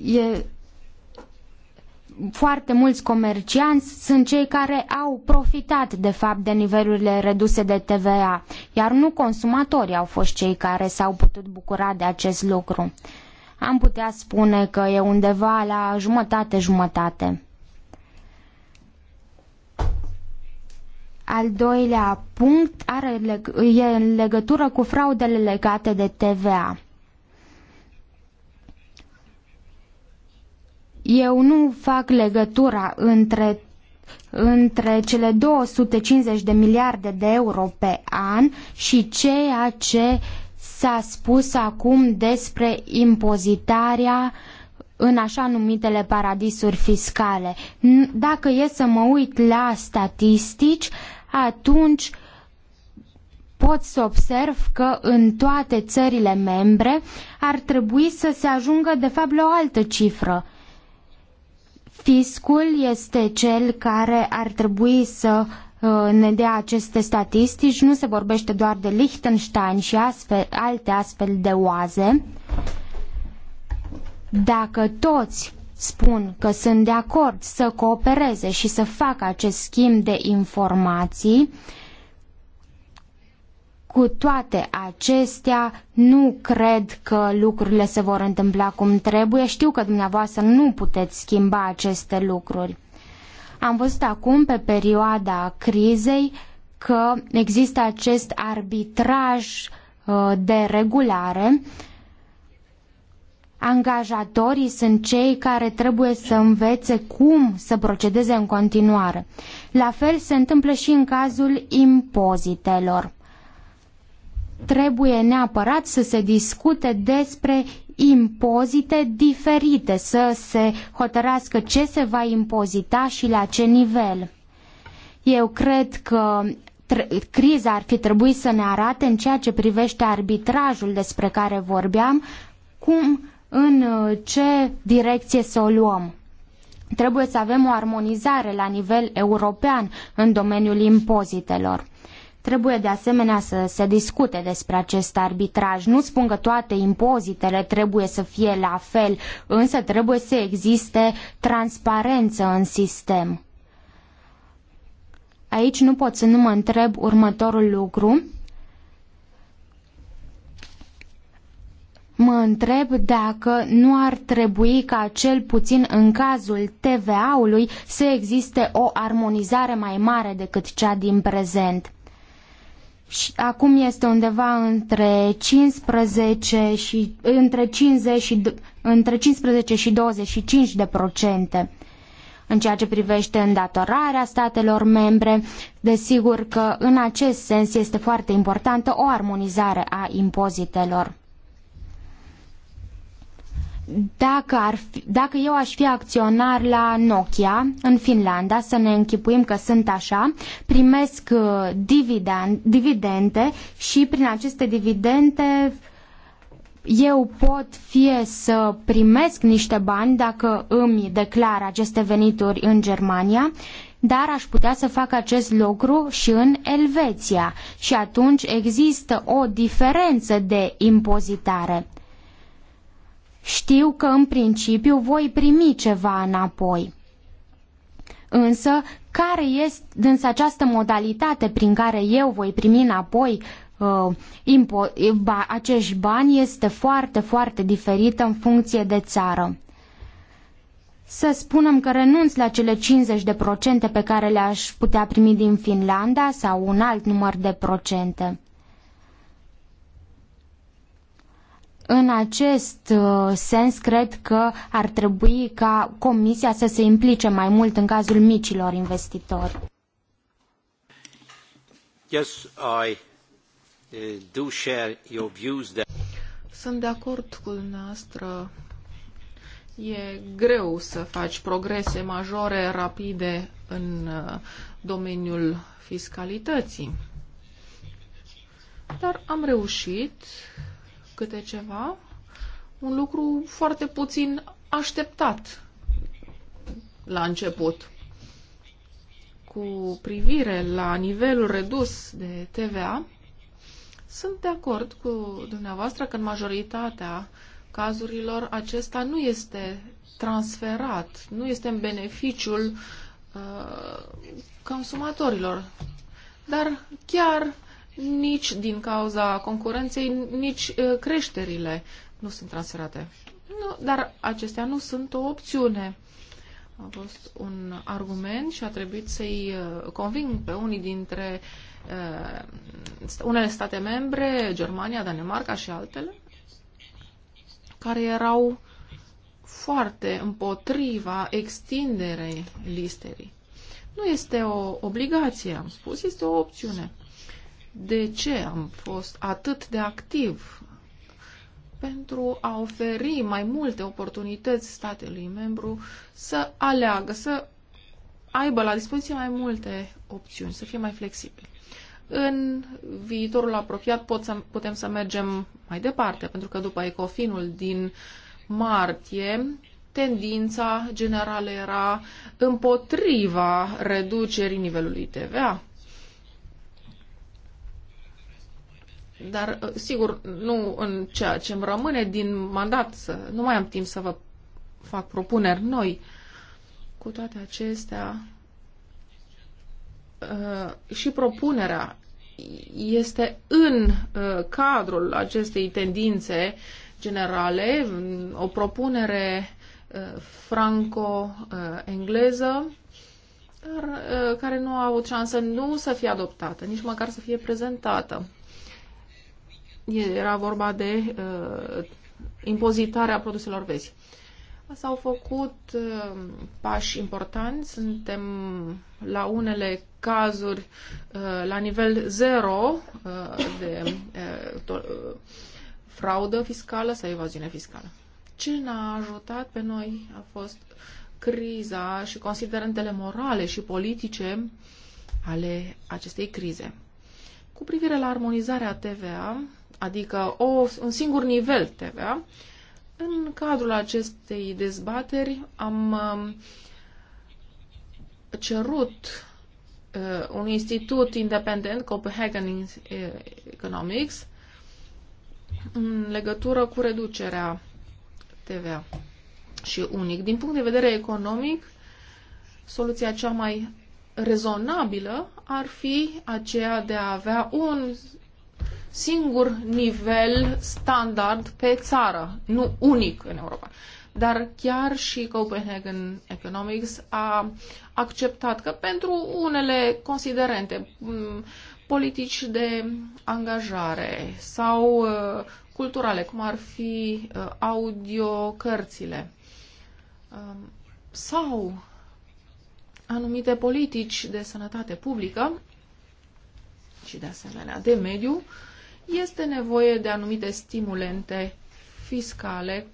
E foarte mulți comercianți sunt cei care au profitat de fapt de nivelurile reduse de TVA, iar nu consumatorii au fost cei care s-au putut bucura de acest lucru. Am putea spune că e undeva la jumătate-jumătate. Al doilea punct are, e în legătură cu fraudele legate de TVA. Eu nu fac legătura între între cele 250 de miliarde de euro pe an și ceea ce s-a spus acum despre impozitarea în așa numitele paradisuri fiscale. Dacă e să mă uit la statistici, atunci pot să observ că în toate țările membre ar trebui să se ajungă de fapt la o altă cifră, Fiscul este cel care ar trebui să uh, ne dea aceste statistici. Nu se vorbește doar de Liechtenstein și astfel, alte astfel de oaze. Dacă toți spun că sunt de acord să coopereze și să facă acest schimb de informații, uh, cu toate acestea, nu cred că lucrurile se vor întâmpla cum trebuie. Știu că dumneavoastră nu puteți schimba aceste lucruri. Am văzut acum, pe perioada crizei, că există acest arbitraj uh, de regulare. Angajatorii sunt cei care trebuie să învețe cum să procedeze în continuare. La fel se întâmplă și în cazul impozitelor trebuie neapărat să se discute despre impozite diferite, să se hotărască ce se va impozita și la ce nivel. Eu cred că criza ar fi trebuit să ne arate în ceea ce privește arbitrajul despre care vorbeam, cum, în uh, ce direcție să o luăm. Trebuie să avem o armonizare la nivel european în domeniul impozitelor. Trebuie de asemenea să se discute despre acest arbitraj. Nu spun că toate impozitele trebuie să fie la fel, însă trebuie să existe transparență în sistem. Aici nu pot să nu mă întreb următorul lucru. Mă întreb dacă nu ar trebui ca cel puțin în cazul TVA-ului să existe o armonizare mai mare decât cea din prezent și acum este undeva între 15 și între 50 și între 15 și 25 de procente în ceea ce privește îndatorarea statelor membre. Desigur că în acest sens este foarte importantă o armonizare a impozitelor dacă, ar fi, dacă eu aș fi acționar la Nokia în Finlanda, să ne închipuim că sunt așa, primesc uh, dividend, dividende și prin aceste dividende eu pot fie să primesc niște bani dacă îmi declar aceste venituri în Germania, dar aș putea să fac acest lucru și în Elveția și atunci există o diferență de impozitare. Știu că în principiu voi primi ceva înapoi. Însă, care este însă această modalitate prin care eu voi primi înapoi uh, impo, ba, acești bani este foarte, foarte diferită în funcție de țară. Să spunem că renunț la cele 50% pe care le-aș putea primi din Finlanda sau un alt număr de procente. În acest uh, sens, cred că ar trebui ca Comisia să se implice mai mult în cazul micilor investitori. Yes, I uh, do share your views that... Sunt de acord cu dumneavoastră. E greu să faci progrese majore, rapide în uh, domeniul fiscalității. Dar am reușit câte ceva, un lucru foarte puțin așteptat la început. Cu privire la nivelul redus de TVA, sunt de acord cu dumneavoastră că în majoritatea cazurilor acesta nu este transferat, nu este în beneficiul uh, consumatorilor. Dar chiar nici din cauza concurenței, nici uh, creșterile nu sunt transferate. Nu, dar acestea nu sunt o opțiune. A fost un argument și a trebuit să-i uh, conving pe unii dintre uh, unele state membre, Germania, Danemarca și altele, care erau foarte împotriva extinderei listerii. Nu este o obligație, am spus, este o opțiune de ce am fost atât de activ pentru a oferi mai multe oportunități statelui membru să aleagă, să aibă la dispoziție mai multe opțiuni, să fie mai flexibil. În viitorul apropiat pot să, putem să mergem mai departe, pentru că după ecofinul din martie, tendința generală era împotriva reducerii nivelului TVA. Dar, uh, sigur, nu în ceea ce îmi rămâne din mandat, să, nu mai am timp să vă fac propuneri noi. Cu toate acestea, uh, și propunerea este în uh, cadrul acestei tendințe generale, o propunere franco-engleză, dar care nu a avut șansă nu să fie adoptată, nici măcar să fie prezentată. Era vorba de uh, impozitarea produselor vezi. S-au făcut uh, pași importanți, suntem la unele cazuri uh, la nivel zero uh, de uh, uh, fraudă fiscală sau evaziune fiscală. Ce ne-a ajutat pe noi a fost criza și considerentele morale și politice ale acestei crize. Cu privire la armonizarea TVA, adică o, un singur nivel TVA. În cadrul acestei dezbateri am um, cerut uh, un institut independent, Copenhagen uh, Economics, în legătură cu reducerea TVA și unic. Din punct de vedere economic, soluția cea mai rezonabilă ar fi aceea de a avea un singur nivel standard pe țară, nu unic în Europa. Dar chiar și Copenhagen Economics a acceptat că pentru unele considerente, mm, politici de angajare sau uh, culturale, cum ar fi uh, audiocărțile, um, sau anumite politici de sănătate publică și de asemenea de mediu, este nevoie de anumite stimulente fiscale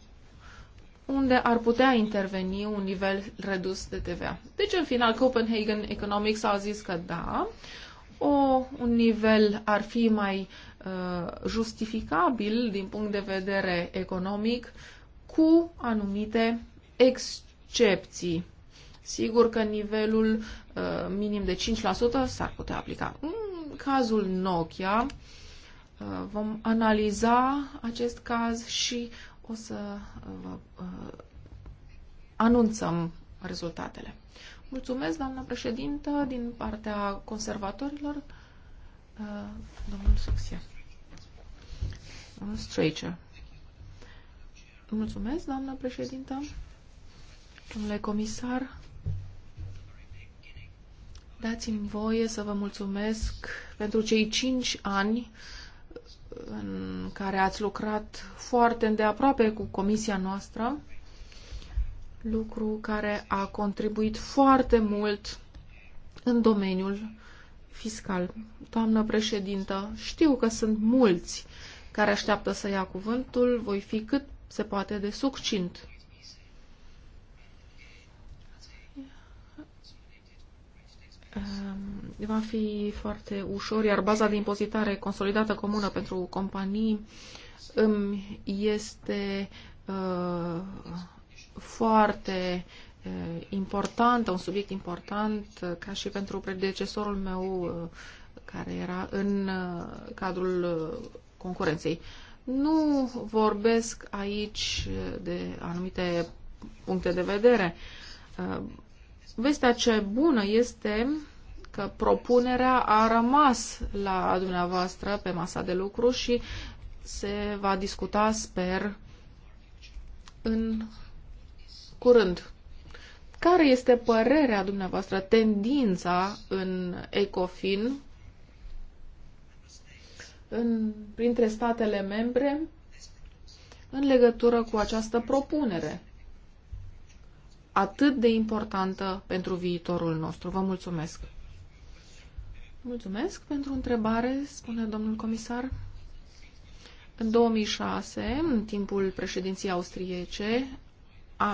unde ar putea interveni un nivel redus de TVA. Deci, în final, Copenhagen Economics a zis că da, o, un nivel ar fi mai uh, justificabil din punct de vedere economic cu anumite excepții. Sigur că nivelul uh, minim de 5% s-ar putea aplica. În cazul Nokia, uh, Uh, vom analiza acest caz și o să uh, vă uh, anunțăm rezultatele. Mulțumesc, doamna președintă, din partea conservatorilor, domnul Suxia. Domnul Stracher. Mulțumesc, doamna președintă, domnule comisar. Dați-mi voie să vă mulțumesc pentru cei cinci ani în care ați lucrat foarte îndeaproape cu comisia noastră, lucru care a contribuit foarte mult în domeniul fiscal. Doamnă președintă, știu că sunt mulți care așteaptă să ia cuvântul, voi fi cât se poate de succint. Ehm, va fi foarte ușor, iar baza de impozitare consolidată comună pentru companii este eh, foarte eh, importantă, un subiect important, eh, ca și pentru predecesorul meu care era în cadrul concurenței. Nu vorbesc aici de anumite puncte de vedere. Vestea ce bună este că propunerea a rămas la dumneavoastră pe masa de lucru și se va discuta, sper, în curând. Care este părerea dumneavoastră, tendința în ECOFIN în, printre statele membre în legătură cu această propunere? atât de importantă pentru viitorul nostru. Vă mulțumesc! Mulțumesc pentru întrebare, spune domnul comisar. În 2006, în timpul președinției austriece,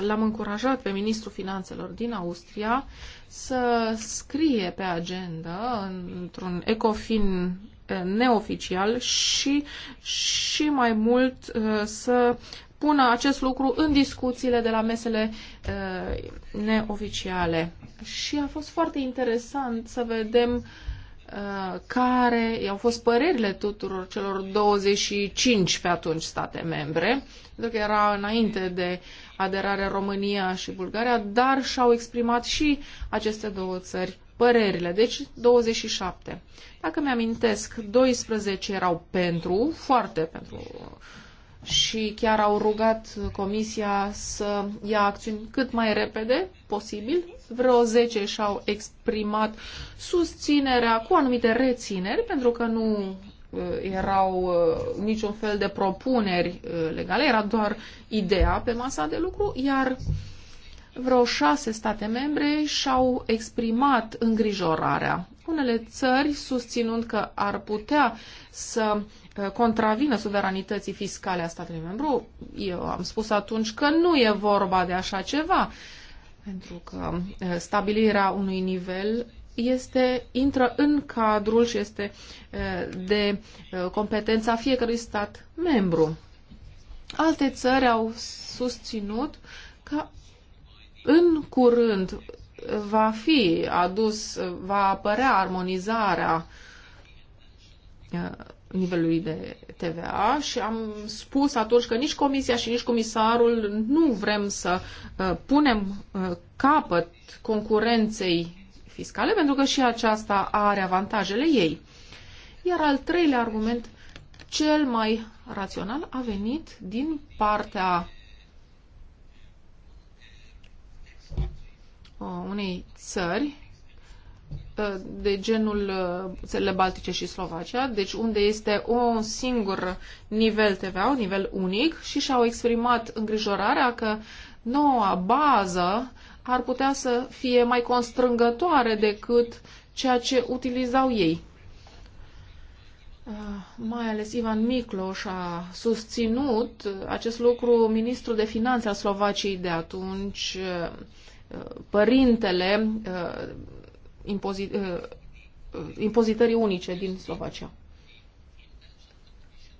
l-am încurajat pe ministrul finanțelor din Austria să scrie pe agenda într-un ecofin eh, neoficial și și mai mult eh, să pună acest lucru în discuțiile de la mesele uh, neoficiale. Și a fost foarte interesant să vedem uh, care au fost părerile tuturor celor 25 pe atunci state membre, pentru că era înainte de aderarea România și Bulgaria, dar și-au exprimat și aceste două țări părerile, deci 27. Dacă mi-amintesc, 12 erau pentru, foarte pentru uh, și chiar au rugat Comisia să ia acțiuni cât mai repede posibil. Vreo 10 și-au exprimat susținerea cu anumite rețineri, pentru că nu uh, erau uh, niciun fel de propuneri uh, legale, era doar ideea pe masa de lucru, iar vreo șase state membre și-au exprimat îngrijorarea. Unele țări susținând că ar putea să Uh, contravină suveranității fiscale a statului membru, eu am spus atunci că nu e vorba de așa ceva, pentru că uh, stabilirea unui nivel este, intră în cadrul și este uh, de competența fiecărui stat membru. Alte țări au susținut că în curând va fi adus, va apărea armonizarea nivelului de TVA și am spus atunci că nici comisia și nici comisarul nu vrem să uh, punem uh, capăt concurenței fiscale pentru că și aceasta are avantajele ei. Iar al treilea argument cel mai rațional a venit din partea uh, unei țări Uh, de genul uh, țările Baltice și Slovacia, deci unde este un singur nivel TVA, un nivel unic, și și-au exprimat îngrijorarea că noua bază ar putea să fie mai constrângătoare decât ceea ce utilizau ei. Uh, mai ales Ivan Micloș a susținut acest lucru ministrul de finanțe al Slovaciei de atunci, părintele impozit, eh, eh, impozitării unice din Slovacia.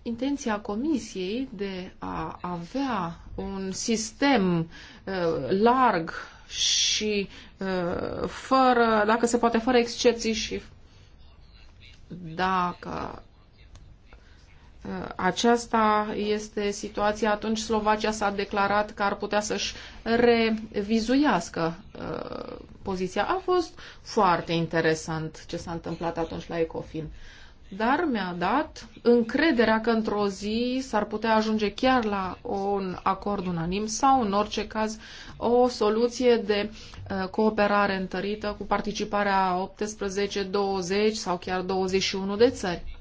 Intenția Comisiei de a avea un sistem eh, larg și fără, dacă se poate, fără excepții și dacă aceasta este situația, atunci Slovacia s-a declarat că ar putea să-și revizuiască uh, poziția. A fost foarte interesant ce s-a întâmplat atunci la Ecofin. Dar mi-a dat încrederea că într-o zi s-ar putea ajunge chiar la un acord unanim sau, în orice caz, o soluție de uh, cooperare întărită cu participarea 18, 20 sau chiar 21 de țări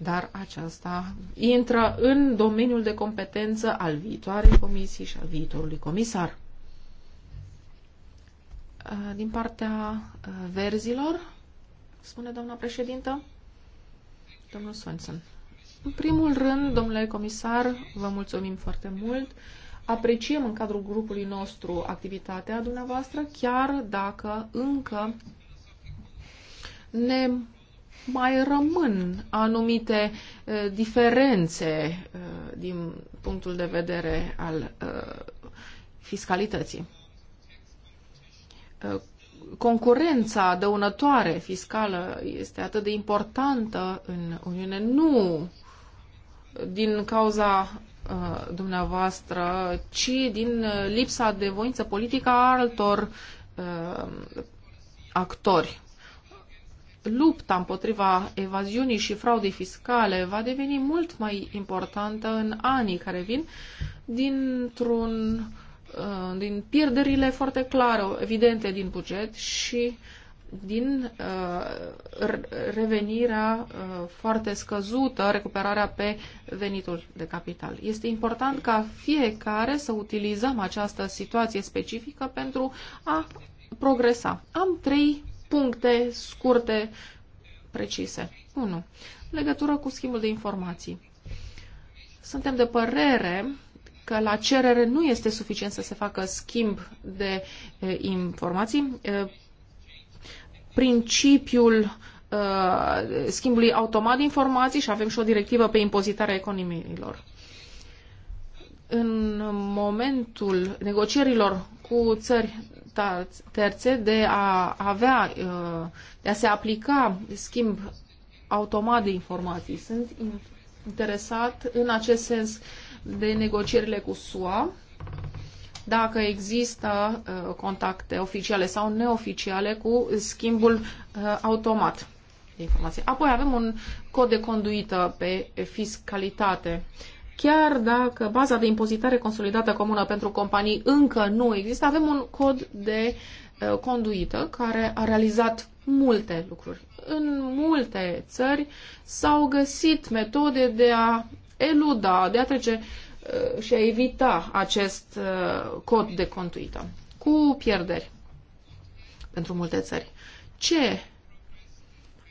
dar aceasta intră în domeniul de competență al viitoarei comisii și al viitorului comisar. Uh, din partea uh, verzilor, spune doamna președintă, domnul Swenson. În primul rând, domnule comisar, vă mulțumim foarte mult. Apreciem în cadrul grupului nostru activitatea dumneavoastră, chiar dacă încă ne mai rămân anumite uh, diferențe din punctul de vedere al fiscalității concurența dăunătoare fiscală este atât de importantă în Uniune? Nu din cauza uh, dumneavoastră, ci din lipsa de voință politică a altor uh, actori. Lupta împotriva evaziunii și fraudei fiscale va deveni mult mai importantă în anii care vin dintr-un uh, Uh, din pierderile foarte clare, evidente din buget și din uh, revenirea uh, foarte scăzută, recuperarea pe venitul de capital. Este important ca fiecare să utilizăm această situație specifică pentru a progresa. Am trei puncte scurte, precise. 1. Legătură cu schimbul de informații. Suntem de părere că la cerere nu este suficient să se facă schimb de eh, informații. Eh, principiul eh, schimbului automat de informații și avem și o directivă pe impozitarea economiilor. În momentul negocierilor cu țări terțe de a avea, de a se aplica schimb automat de informații. Sunt interesat în acest sens de negocierile cu SUA, dacă există uh, contacte oficiale sau neoficiale cu schimbul uh, automat de informații. Apoi avem un cod de conduită pe fiscalitate. Chiar dacă baza de impozitare consolidată comună pentru companii încă nu există, avem un cod de uh, conduită care a realizat multe lucruri. În multe țări s-au găsit metode de a eluda, de a trece uh, și a evita acest uh, cod de conduită cu pierderi pentru multe țări. Ce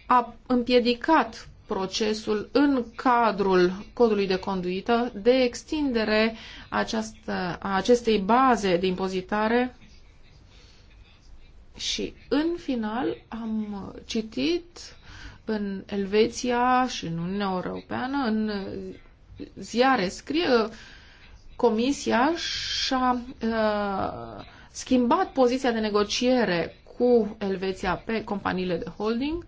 a împiedicat procesul în cadrul codului de conduită de extindere această, a acestei baze de impozitare și în final am citit în Elveția și în Uniunea Europeană, în ziare scrie uh, Comisia și-a uh, schimbat poziția de negociere cu Elveția pe companiile de holding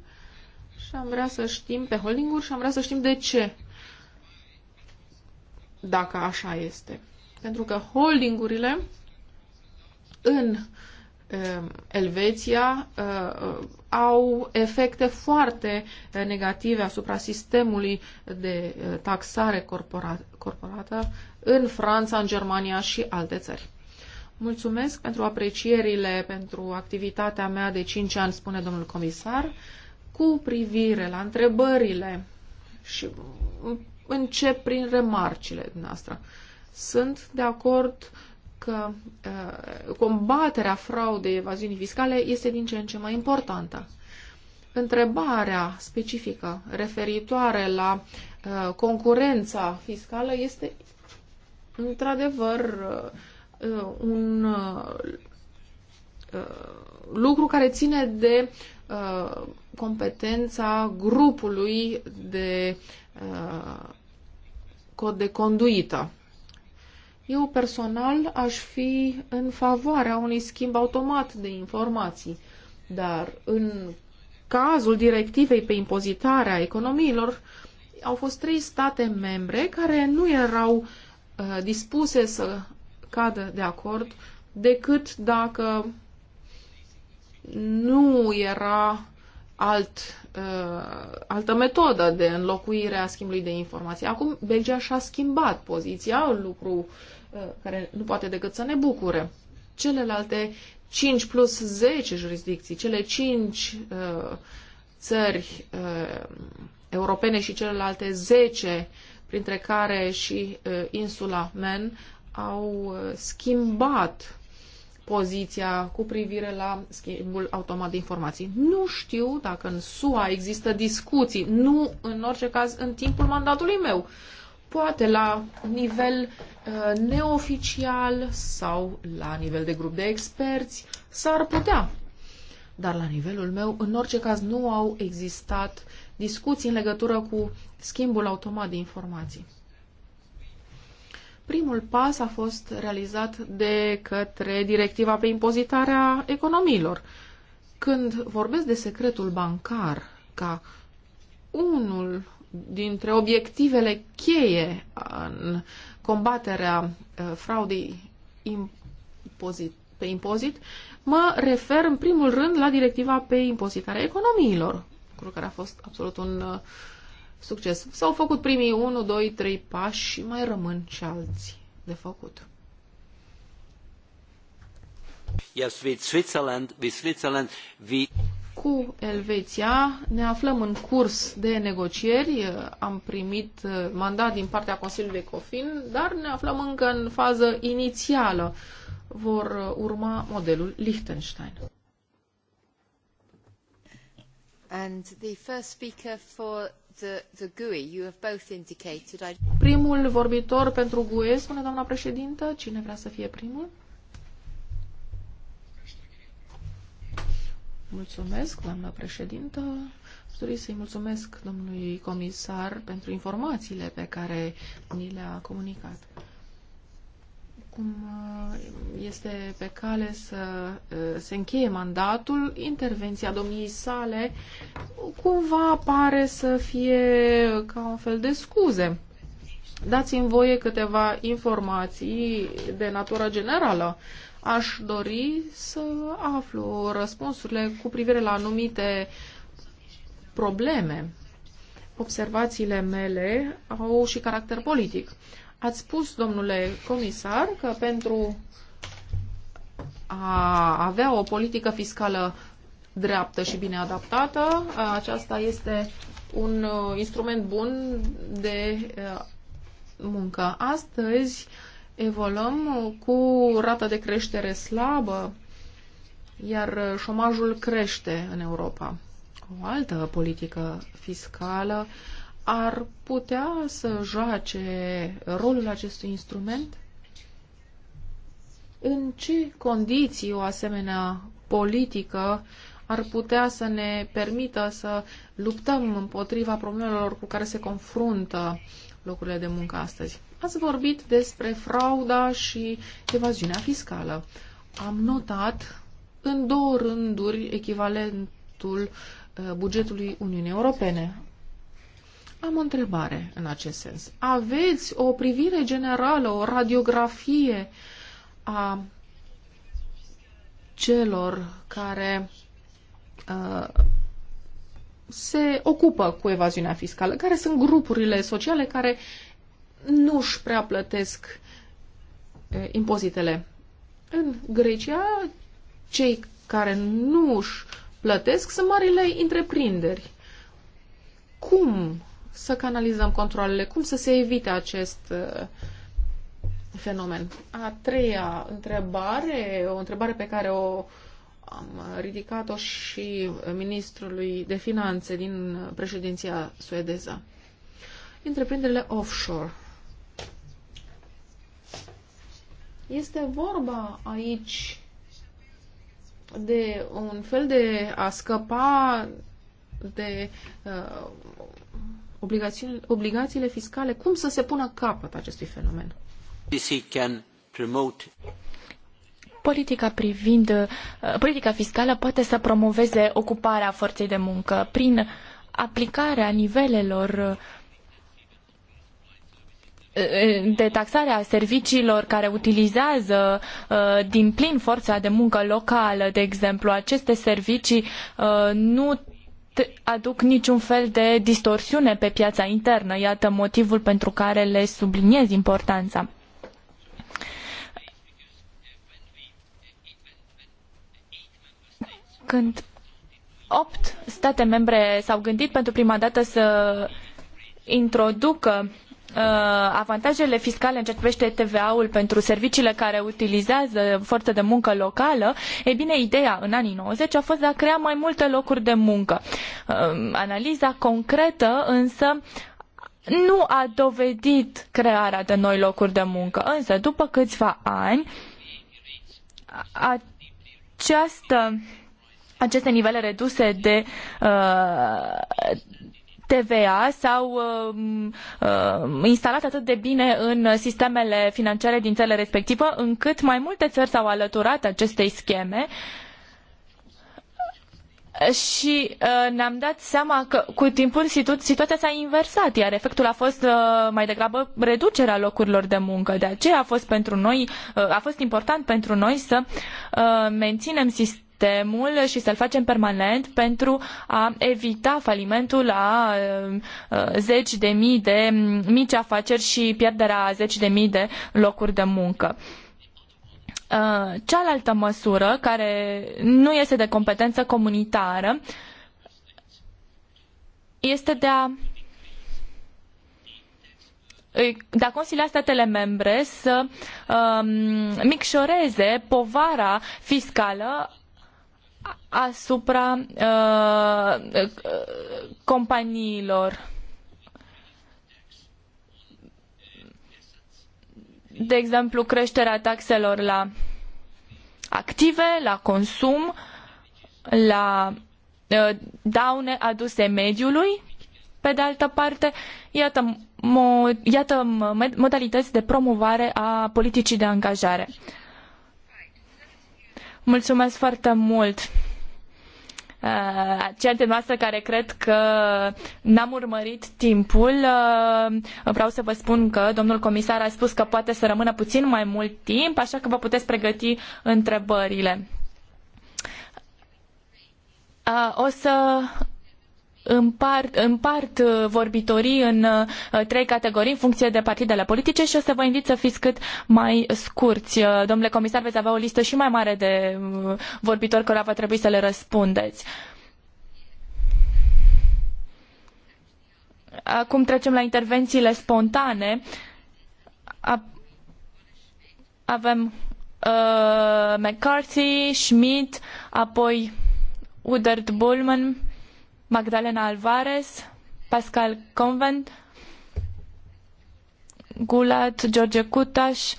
și am vrea să știm pe holdinguri și am vrea să știm de ce. Dacă așa este. Pentru că holdingurile în uh, Um, Elveția uh, au efecte foarte uh, negative asupra sistemului de uh, taxare corporată în Franța, în Germania și alte țări. Mulțumesc pentru aprecierile pentru activitatea mea de 5 ani, spune domnul comisar, cu privire la întrebările și încep prin remarcile dumneavoastră. Sunt de acord uh, că uh, combaterea fraudei, evaziunii fiscale este din ce în ce mai importantă. Întrebarea specifică referitoare la uh, concurența fiscală este într-adevăr uh, un uh, uh, lucru care ține de uh, competența grupului de cod de conduită. Eu personal aș fi în favoarea unui schimb automat de informații, dar în cazul directivei pe impozitarea economiilor au fost trei state membre care nu erau uh, dispuse să cadă de acord decât dacă nu era alt, uh, altă metodă de înlocuire a schimbului de informații. Acum Belgia și-a schimbat poziția, un lucru Uh, care nu poate decât să ne bucure. Celelalte 5 plus 10 jurisdicții, cele 5 uh, țări uh, europene și celelalte 10, printre care și uh, insula Men, au uh, schimbat poziția cu privire la schimbul automat de informații. Nu știu dacă în SUA există discuții, nu în orice caz în timpul mandatului meu. Uh, poate la nivel uh, neoficial sau la nivel de grup de experți, s-ar putea. Dar la nivelul meu, în orice caz, nu au existat discuții în legătură cu schimbul automat de informații. Primul pas a fost realizat de către directiva pe impozitarea economiilor. Când vorbesc de secretul bancar ca unul dintre obiectivele cheie în combaterea uh, fraudei impozit, pe impozit, mă refer în primul rând la directiva pe impozitarea economiilor, lucru care a fost absolut un uh, succes. S-au făcut primii 1, 2, 3 pași și mai rămân și alții de făcut. Yes, with Switzerland, with Switzerland, we cu Elveția ne aflăm în curs de negocieri, am primit uh, mandat din partea Consiliului COFIN, dar ne aflăm încă în fază inițială. Vor uh, urma modelul Liechtenstein. And the first speaker for the, the GUI, you have both indicated... I... Primul vorbitor pentru GUE, spune doamna președintă, cine vrea să fie primul? Mulțumesc, doamna președintă. dori să-i mulțumesc domnului comisar pentru informațiile pe care ni le-a comunicat. Cum uh, este pe cale să uh, se încheie mandatul, intervenția domniei sale cumva pare să fie ca un fel de scuze. Dați-mi voie câteva informații de natură generală Aș dori să aflu răspunsurile cu privire la anumite probleme. Observațiile mele au și caracter politic. Ați spus, domnule comisar, că pentru a avea o politică fiscală dreaptă și bine adaptată, aceasta este un uh, instrument bun de uh, muncă. Astăzi evoluăm cu rata de creștere slabă, iar șomajul crește în Europa. O altă politică fiscală ar putea să joace rolul acestui instrument? În ce condiții o asemenea politică ar putea să ne permită să luptăm împotriva problemelor cu care se confruntă locurile de muncă astăzi? Ați vorbit despre frauda și evaziunea fiscală. Am notat în două rânduri echivalentul uh, bugetului Uniunii Europene. Am o întrebare în acest sens. Aveți o privire generală, o radiografie a celor care uh, se ocupă cu evaziunea fiscală? Care sunt grupurile sociale care nu își prea plătesc impozitele. În Grecia, cei care nu își plătesc sunt marile întreprinderi. Cum să canalizăm controlele? Cum să se evite acest fenomen? A treia întrebare, o întrebare pe care o am ridicat-o și ministrului de finanțe din președinția suedeză. Întreprinderile offshore Este vorba aici de un fel de a scăpa de uh, obligațiile, obligațiile fiscale. Cum să se pună capăt acestui fenomen? Politica privind uh, politica fiscală poate să promoveze ocuparea forței de muncă prin aplicarea nivelelor uh, de taxare a serviciilor care utilizează uh, din plin forța de muncă locală, de exemplu. Aceste servicii uh, nu aduc niciun fel de distorsiune pe piața internă. Iată motivul pentru care le subliniez importanța. Când opt state membre s-au gândit pentru prima dată să introducă Uh, avantajele fiscale în ceea ce privește TVA-ul pentru serviciile care utilizează forță de muncă locală, e bine, ideea în anii 90 a fost de a crea mai multe locuri de muncă. Uh, analiza concretă însă nu a dovedit crearea de noi locuri de muncă, însă după câțiva ani această aceste nivele reduse de uh, TVA s-au um, uh, instalat atât de bine în sistemele financiare din țările respective, încât mai multe țări s-au alăturat acestei scheme și uh, ne-am dat seama că cu timpul situ- situația s-a inversat, iar efectul a fost uh, mai degrabă reducerea locurilor de muncă. De aceea a fost, pentru noi, uh, a fost important pentru noi să uh, menținem sistemul sistemul și să-l facem permanent pentru a evita falimentul a zeci de mii de mici afaceri și pierderea a zeci de mii de locuri de muncă. Cealaltă măsură, care nu este de competență comunitară, este de a de a consilia statele membre să um, micșoreze povara fiscală asupra uh, companiilor. De exemplu, creșterea taxelor la active, la consum, la uh, daune aduse mediului. Pe de altă parte, iată, mo- iată modalități de promovare a politicii de angajare. Mulțumesc foarte mult! aceia uh, dintre noastre care cred că n-am urmărit timpul, uh, vreau să vă spun că domnul comisar a spus că poate să rămână puțin mai mult timp, așa că vă puteți pregăti întrebările. Uh, o să împart, împart uh, vorbitorii în uh, trei categorii în funcție de partidele politice și o să vă invit să fiți cât mai scurți. Uh, domnule comisar, veți avea o listă și mai mare de vorbitori cărora va trebui să le răspundeți. Acum trecem la intervențiile spontane. Avem uh, McCarthy, Schmidt, apoi Udert Bullman, Magdalena Alvarez, Pascal Convent, Gulat, George Cutaș.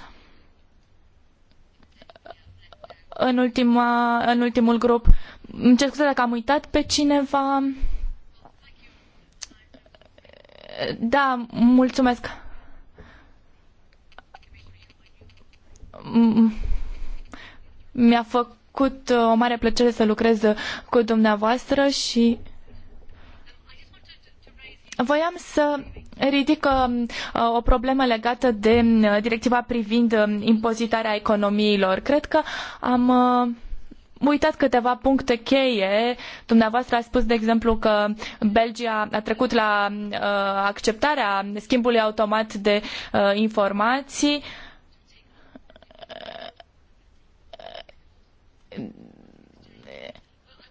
În, ultima, în ultimul grup. Îmi cer scuze dacă am uitat pe cineva. Da, mulțumesc. Mi-a făcut o mare plăcere să lucrez cu dumneavoastră și Voiam să ridic um, uh, o problemă legată de um, directiva privind um, impozitarea economiilor. Cred că am uh, uitat câteva puncte cheie. Dumneavoastră a spus, de exemplu, că Belgia a trecut la uh, acceptarea schimbului automat de uh, informații.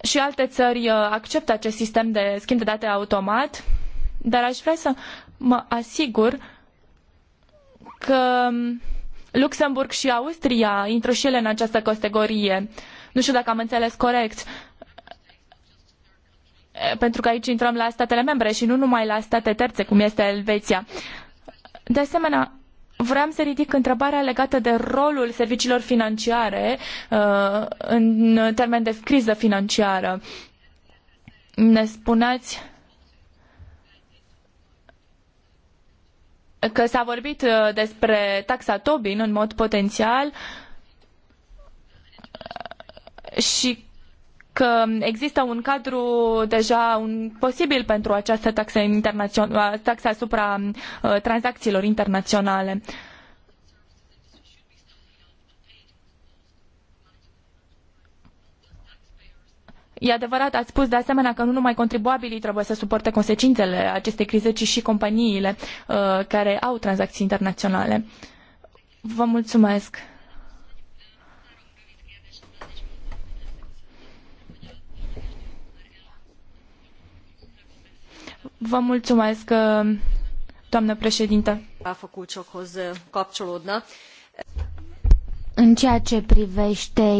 Și alte țări uh, acceptă acest sistem de schimb de date automat. Uh, dar aș vrea să mă asigur că Luxemburg și Austria intră și ele în această categorie. Nu știu dacă am înțeles corect. Pentru că aici intrăm la statele membre și nu numai la state terțe, cum este Elveția. De asemenea, vreau să ridic întrebarea legată de rolul serviciilor financiare uh, în termen de criză financiară. Ne spuneați că s-a vorbit uh, despre taxa Tobin în mod potențial și că există un cadru deja un, posibil pentru această taxă, taxă asupra uh, tranzacțiilor internaționale. Uh, E adevărat, ați spus de asemenea că nu numai contribuabilii trebuie să suporte consecințele acestei crize, ci și companiile uh, care au tranzacții internaționale. Vă mulțumesc! Vă mulțumesc, uh, doamnă președintă. A făcut sokhoz kapcsolódna. Uh, în ceea ce privește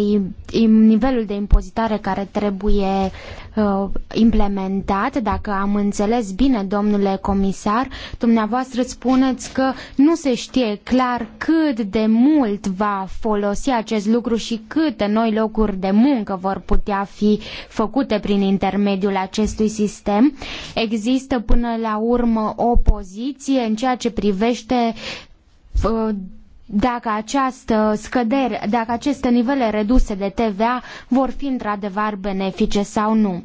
nivelul de impozitare care trebuie uh, implementat, dacă am înțeles bine, domnule comisar, dumneavoastră spuneți că nu se știe clar cât de mult va folosi acest lucru și câte noi locuri de muncă vor putea fi făcute prin intermediul acestui sistem. Există până la urmă o poziție în ceea ce privește uh, dacă această scădere, dacă aceste nivele reduse de TVA vor fi într-adevăr benefice sau nu.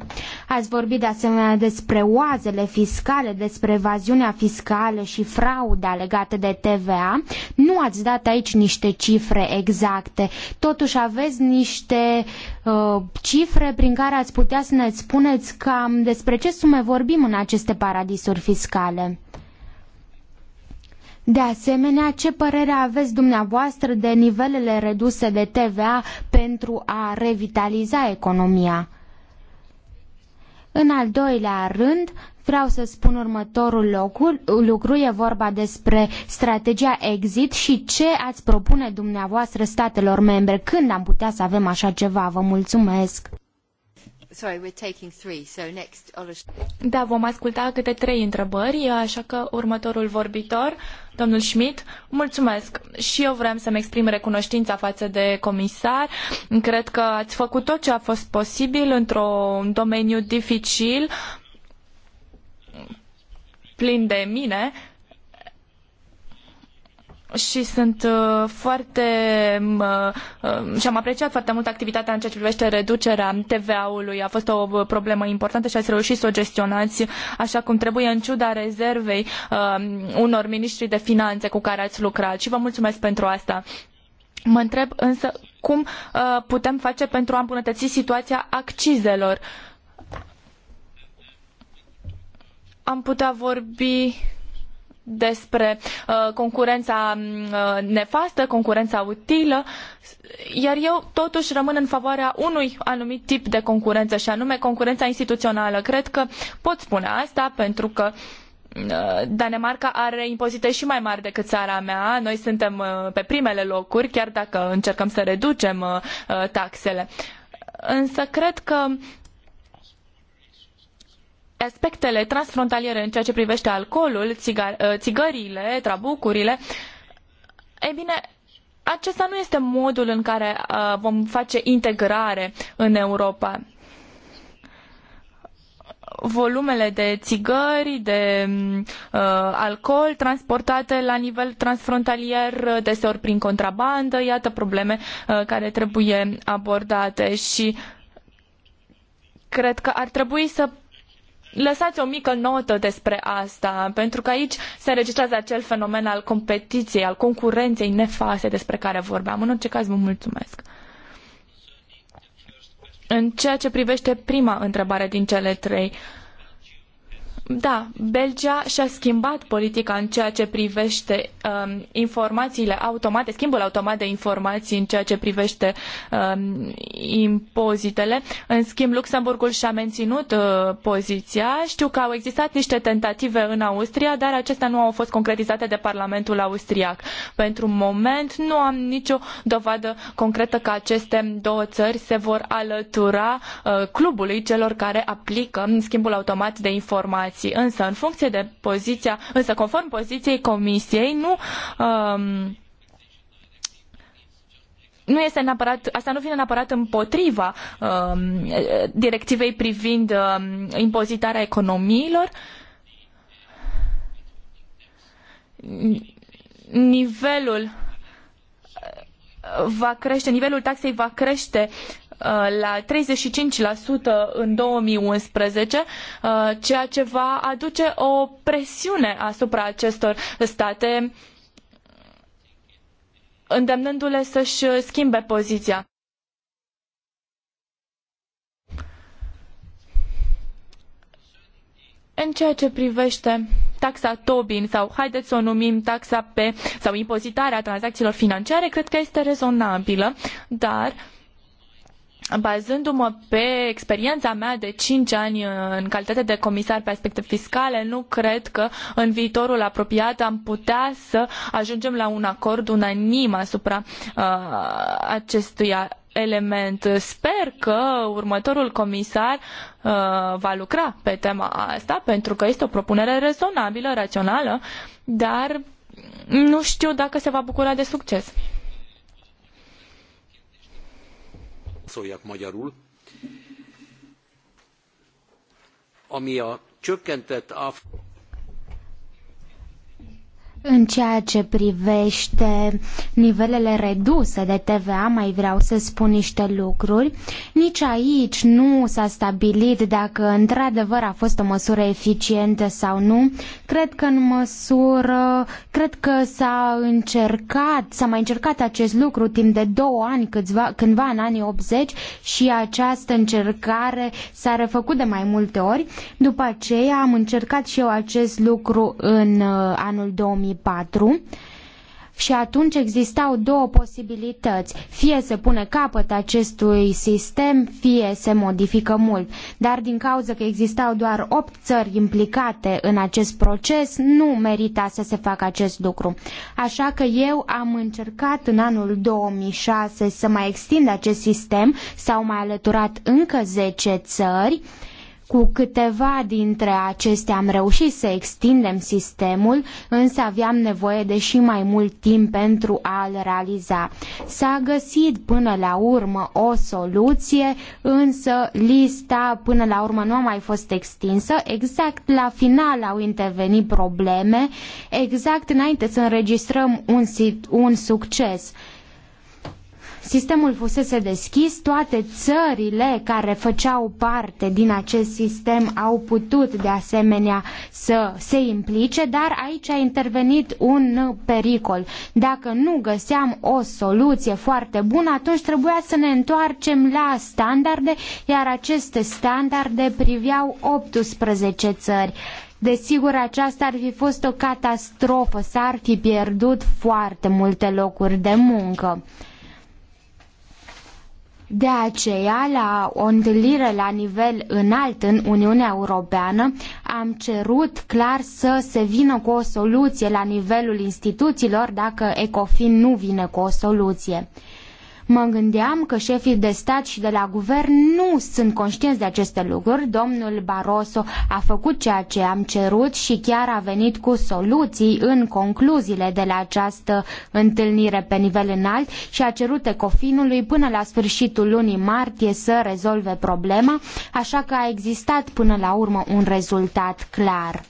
Ați vorbit de asemenea despre oazele fiscale, despre evaziunea fiscală și frauda legată de TVA. Nu ați dat aici niște cifre exacte. Totuși aveți niște uh, cifre prin care ați putea să ne spuneți cam despre ce sume vorbim în aceste paradisuri fiscale. De asemenea, ce părere aveți dumneavoastră de nivelele reduse de TVA pentru a revitaliza economia? În al doilea rând, vreau să spun următorul lucru, e vorba despre strategia exit și ce ați propune dumneavoastră statelor membre. Când am putea să avem așa ceva? Vă mulțumesc! Sorry, we're taking three, so next... Da, vom asculta câte trei întrebări, așa că următorul vorbitor Domnul Schmidt, mulțumesc. Și eu vreau să-mi exprim recunoștința față de comisar. Cred că ați făcut tot ce a fost posibil într-un domeniu dificil, plin de mine, și sunt uh, foarte uh, uh, și am apreciat foarte mult activitatea în ceea ce privește reducerea TVA-ului. A fost o problemă importantă și ați reușit să o gestionați așa cum trebuie în ciuda rezervei unor miniștri de finanțe cu care ați lucrat și vă mulțumesc pentru asta. Mă întreb însă cum putem face pentru a îmbunătăți situația accizelor. Am putea vorbi despre uh, concurența mm, uh, nefastă, concurența utilă, iar eu totuși rămân în favoarea unui anumit tip de concurență și anume concurența instituțională. Cred că pot spune asta pentru că mm, uh, Danemarca are impozite și mai mari decât țara mea. Noi suntem uh, pe primele locuri, chiar dacă încercăm să reducem uh, taxele. Însă cred că aspectele transfrontaliere în ceea ce privește alcoolul, ă, țigările, trabucurile, e bine, acesta nu este modul în care ă, vom face integrare în Europa. Volumele de țigări, de uh, alcool transportate la nivel transfrontalier, deseori prin contrabandă, iată probleme uh, care trebuie abordate și cred că ar trebui să lăsați o mică notă despre asta, pentru că aici se înregistrează acel fenomen al competiției, al concurenței nefaste despre care vorbeam. În orice caz, vă mulțumesc. În ceea ce privește prima întrebare din cele trei, uh, da, Belgia și-a schimbat politica în ceea ce privește um, informațiile automate, schimbul automat de informații în ceea ce privește um, impozitele. În schimb, Luxemburgul și-a menținut uh, poziția. Știu că au existat niște tentative în Austria, dar acestea nu au fost concretizate de Parlamentul austriac. Pentru moment nu am nicio dovadă concretă că aceste două țări se vor alătura uh, clubului celor care aplică schimbul automat de informații informații, însă în funcție de poziția, însă conform poziției comisiei nu um, nu este neapărat, asta nu vine neapărat împotriva um, directivei privind um, impozitarea economiilor. Nivelul uh, va crește, nivelul taxei va crește uh, Uh, la 35% în 2011, uh, ceea ce va aduce o presiune asupra acestor state, îndemnându-le să-și schimbe poziția. În ceea ce privește taxa Tobin sau haideți să o numim taxa pe sau impozitarea tranzacțiilor financiare, cred că este rezonabilă, dar uh, bazându-mă pe experiența mea de cinci ani uh, în calitate de comisar pe aspecte fiscale, nu cred că în viitorul apropiat am putea să ajungem la un acord unanim asupra uh, element. Sper că următorul comisar uh, va lucra pe tema asta, pentru că este o propunere rezonabilă, rațională, dar nu știu dacă se va bucura de succes. szóljak magyarul. Ami a csökkentett áfa... În ceea ce privește nivelele reduse de TVA, mai vreau să spun niște lucruri. Nici aici nu s-a stabilit dacă într-adevăr a fost o măsură eficientă sau nu. Cred că în măsură, cred că s-a încercat, s-a mai încercat acest lucru timp de două ani, câțiva, cândva în anii 80 și această încercare s-a refăcut de mai multe ori. După aceea am încercat și eu acest lucru în uh, anul 2000 2004 și atunci existau două posibilități, fie se pune capăt acestui sistem, fie se modifică mult. Dar din cauza că existau doar opt țări implicate în acest proces, nu merita să se facă acest lucru. Așa că eu am încercat în anul 2006 să mai extind acest sistem, s-au mai alăturat încă zece țări, uh, cu câteva dintre acestea am reușit să extindem sistemul, însă aveam nevoie de și mai mult timp pentru a-l realiza. S-a găsit până la urmă o soluție, însă lista până la urmă nu a mai fost extinsă. Exact la final au intervenit probleme, exact înainte să înregistrăm un, sit, un succes. Sistemul fusese deschis, toate țările care făceau parte din acest sistem au putut de asemenea să se implice, dar aici a intervenit un pericol. Dacă nu găseam o soluție foarte bună, atunci trebuia să ne întoarcem la standarde, iar aceste standarde priveau 18 țări. Desigur, aceasta ar fi fost o catastrofă, s-ar fi pierdut foarte multe locuri de muncă. De aceea, la o întâlnire la nivel înalt în Uniunea Europeană, am cerut clar să se vină cu o soluție la nivelul instituțiilor dacă ECOFIN nu vine cu o soluție. Mă gândeam că șefii de stat și de la guvern nu sunt conștienți de aceste lucruri. Domnul Barroso a făcut ceea ce am cerut și chiar a venit cu soluții în concluziile de la această întâlnire pe nivel înalt și a cerut Ecofinului până la sfârșitul lunii martie să rezolve problema, așa că a existat până la urmă un rezultat clar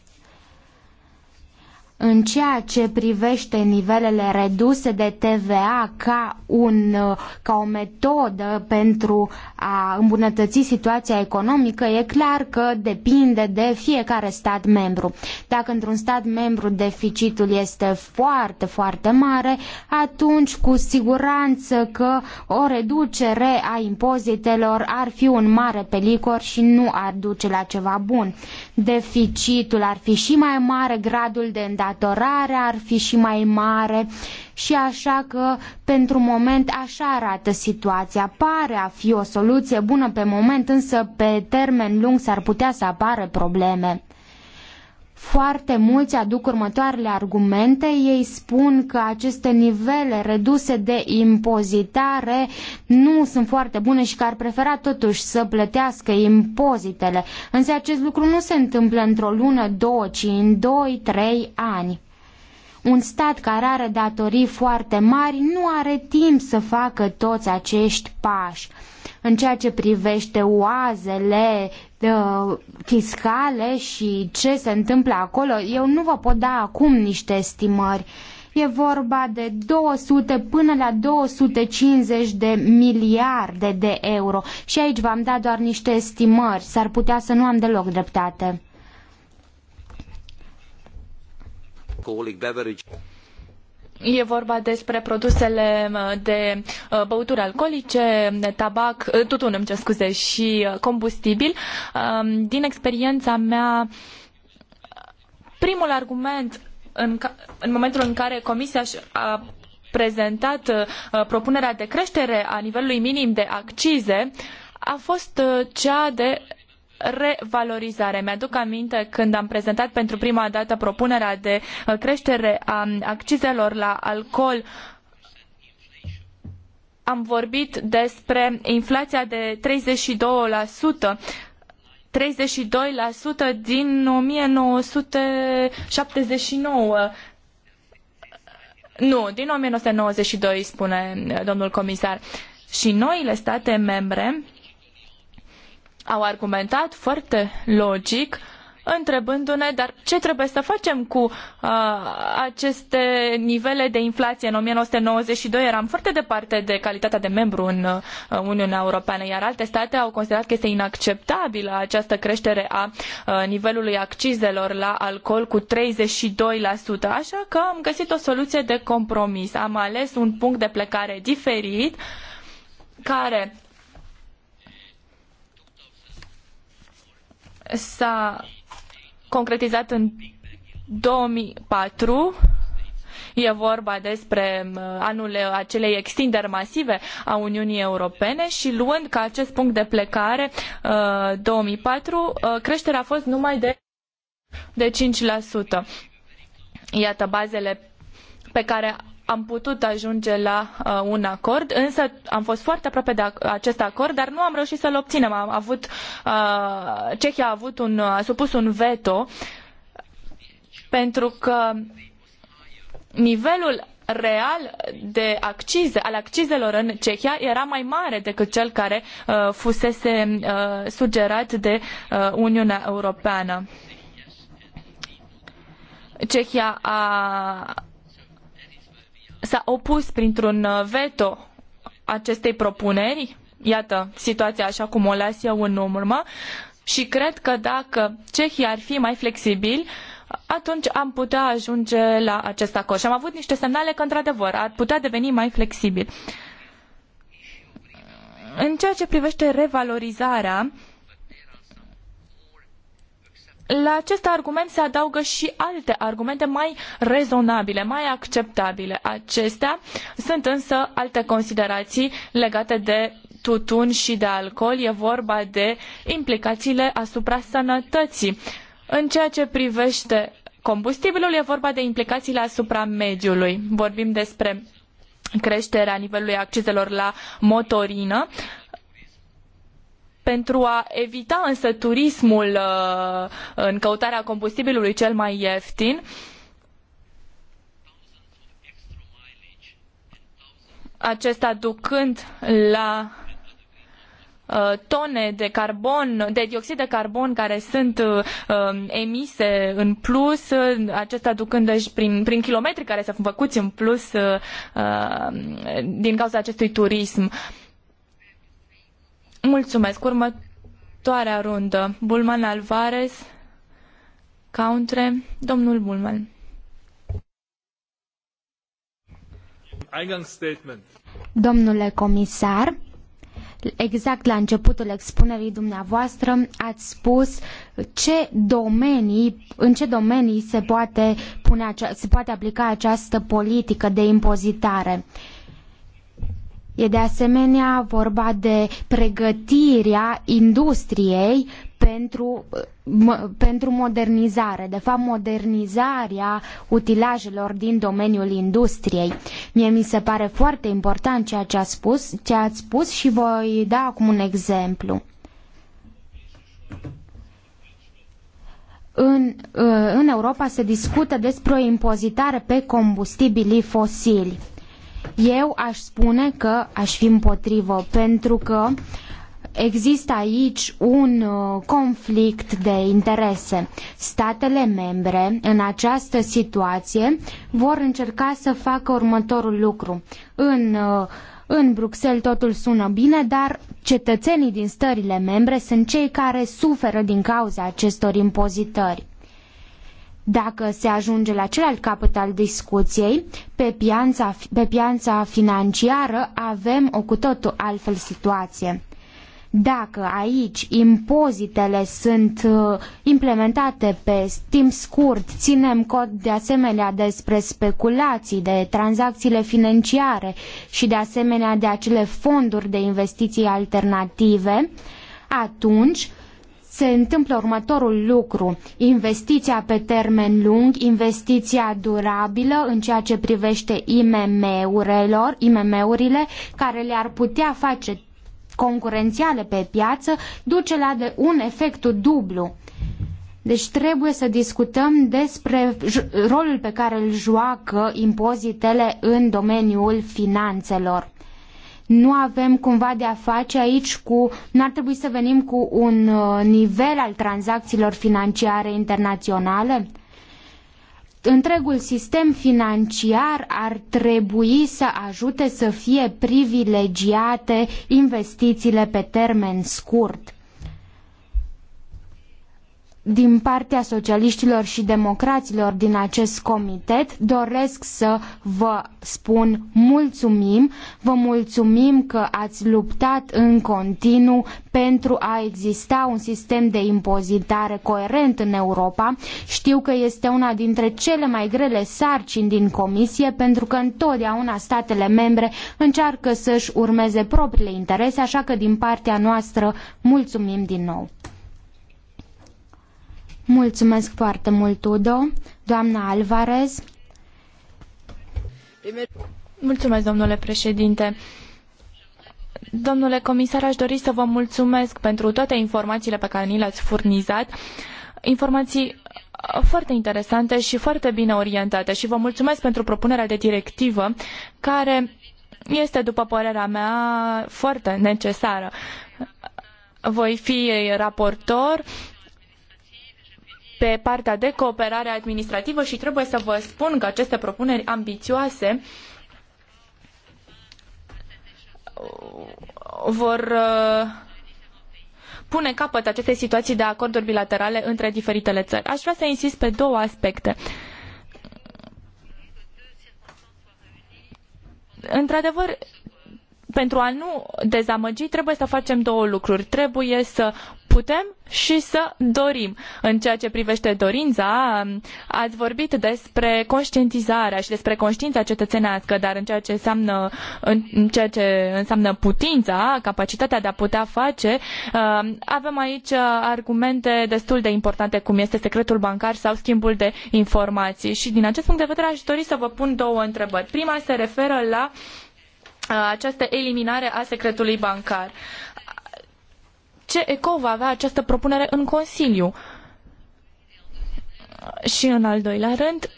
în ceea ce privește nivelele reduse de TVA ca, un, ca o metodă pentru a îmbunătăți situația economică, e clar că depinde de fiecare stat membru. Dacă într-un stat membru deficitul este foarte, foarte mare, atunci cu siguranță că o reducere a impozitelor ar fi un mare pelicor și nu ar duce la ceva bun. Deficitul ar fi și mai mare, gradul de îndatorare datorarea ar fi și mai mare și așa că pentru moment așa arată situația. Pare a fi o soluție bună pe moment, însă pe termen lung s-ar putea să apară probleme. Foarte mulți aduc următoarele argumente. Ei spun că aceste nivele reduse de impozitare nu sunt foarte bune și că ar prefera totuși să plătească impozitele. Însă acest lucru nu se întâmplă într-o lună, două, ci în doi, trei ani. Un stat care are datorii foarte mari nu are timp să facă toți acești pași în ceea ce privește oazele uh, fiscale și ce se întâmplă acolo, eu nu vă pot da acum niște estimări. E vorba de 200 până la 250 de miliarde de euro. Și aici v-am dat doar niște estimări. S-ar putea să nu am deloc dreptate. beverage. E vorba despre produsele de uh, băuturi alcoolice, tabac, uh, tutun, îmi cer scuze, și uh, combustibil. Um, din experiența mea, primul argument în, în momentul în care Comisia a prezentat propunerea de creștere a nivelului minim de accize a fost cea de revalorizare. Mi-aduc aminte când am prezentat pentru prima dată propunerea de uh, creștere a accizelor la alcool am vorbit despre inflația de 32%, 32% din 1979. Nu, din 1992, spune domnul comisar. Și noile state membre au argumentat foarte logic întrebându-ne, dar ce trebuie să facem cu uh, aceste nivele de inflație? În 1992 eram foarte departe de calitatea de membru în uh, Uniunea Europeană, iar alte state au considerat că este inacceptabilă această creștere a uh, nivelului accizelor la alcool cu 32%, așa că am găsit o soluție de compromis. Am ales un punct de plecare diferit care s-a concretizat în 2004. E vorba despre anul acelei extinderi masive a Uniunii Europene și luând ca acest punct de plecare 2004, uh, uh, creșterea a fost numai de, de 5%. Iată bazele pe care am putut ajunge la uh, un acord, însă am fost foarte aproape de ac acest acord, dar nu am reușit să-l obținem. Am avut, uh, Cehia a, avut un, a supus un veto pentru că nivelul real de accize, al accizelor în Cehia era mai mare decât cel care uh, fusese uh, sugerat de uh, Uniunea Europeană. Cehia a s-a opus printr-un uh, veto acestei propuneri. Iată situația așa cum o las eu în urmă și cred că dacă cehii ar fi mai flexibili, atunci am putea ajunge la acest acord. Și am avut niște semnale că, într-adevăr, ar putea deveni mai flexibil. În ceea ce privește revalorizarea, uh, la acest argument se adaugă și alte argumente mai rezonabile, mai acceptabile. Acestea sunt însă alte considerații legate de tutun și de alcool. E vorba de implicațiile asupra sănătății. În ceea ce privește combustibilul, e vorba de implicațiile asupra mediului. Vorbim despre creșterea nivelului accizelor la motorină pentru a evita însă turismul uh, în căutarea combustibilului cel mai ieftin, acesta ducând la uh, tone de carbon, de dioxid de carbon care sunt uh, um, emise în plus, acesta ducând deci prin, prin kilometri care sunt făcuți în plus din cauza acestui turism. Uh, Mulțumesc. Următoarea rundă. Bulman Alvarez, Countre, domnul Bulman. Domnule comisar, exact la începutul expunerii dumneavoastră ați spus ce domenii, în ce domenii se poate, pune, se poate aplica această politică de impozitare. Uh, E de asemenea vorba de pregătirea industriei pentru, pentru modernizare, de fapt modernizarea utilajelor din domeniul industriei. Mie mi se pare foarte important ceea ce, ați spus, ce ați spus și voi da acum un exemplu. În, în Europa se discută despre o impozitare pe combustibilii fosili eu aș spune că aș fi împotrivă, pentru că există aici un uh, conflict de interese. Statele membre, în această situație, vor încerca să facă următorul lucru. În uh, în Bruxelles totul sună bine, dar cetățenii din stările membre sunt cei care suferă din cauza acestor impozitări. Dacă se ajunge la celălalt capăt al discuției, pe piața, pe piața financiară avem o cu totul altfel situație. Dacă aici impozitele sunt uh, implementate pe timp scurt, ținem cont de asemenea despre speculații, de tranzacțiile financiare și de asemenea de acele fonduri de investiții alternative, atunci se întâmplă următorul lucru. Investiția pe termen lung, investiția durabilă în ceea ce privește IMM-urilor, IMM-urile care le-ar putea face concurențiale pe piață, duce la de un efect dublu. Deci trebuie să discutăm despre rolul pe care îl joacă impozitele în domeniul finanțelor nu avem cumva de a face aici cu, nu ar trebui să venim cu un uh, nivel al tranzacțiilor financiare internaționale? întregul sistem financiar ar trebui să ajute să fie privilegiate investițiile pe termen scurt din partea socialiștilor și democraților din acest comitet doresc să vă spun mulțumim, vă mulțumim că ați luptat în continuu pentru a exista un sistem de impozitare coerent în Europa. Știu că este una dintre cele mai grele sarcini din comisie pentru că întotdeauna statele membre încearcă să-și urmeze propriile interese, așa că din partea noastră mulțumim din nou. Mulțumesc foarte mult, Udo. Doamna Alvarez. Mulțumesc, domnule președinte. Domnule comisar, aș dori să vă mulțumesc pentru toate informațiile pe care ni le-ați furnizat. Informații foarte interesante și foarte bine orientate și vă mulțumesc pentru propunerea de directivă care este, după părerea mea, foarte necesară. Voi fi raportor pe partea de cooperare administrativă și trebuie să vă spun că aceste propuneri ambițioase uh, vor uh, pune capăt acestei situații de acorduri bilaterale între diferitele țări. Aș vrea să insist pe două aspecte. Într-adevăr, pentru a nu dezamăgi, trebuie să facem două lucruri. Trebuie să putem și să dorim. În ceea ce privește dorința, ați vorbit despre conștientizarea și despre conștiința cetățenească, dar în ceea ce înseamnă, în ceea ce înseamnă putința, capacitatea de a putea face, uh, avem aici argumente destul de importante, cum este secretul bancar sau schimbul de informații. Și din acest punct de vedere aș dori să vă pun două întrebări. Prima se referă la uh, Uh, această eliminare a secretului bancar. Ce eco va avea această propunere în Consiliu? Și în al doilea rând,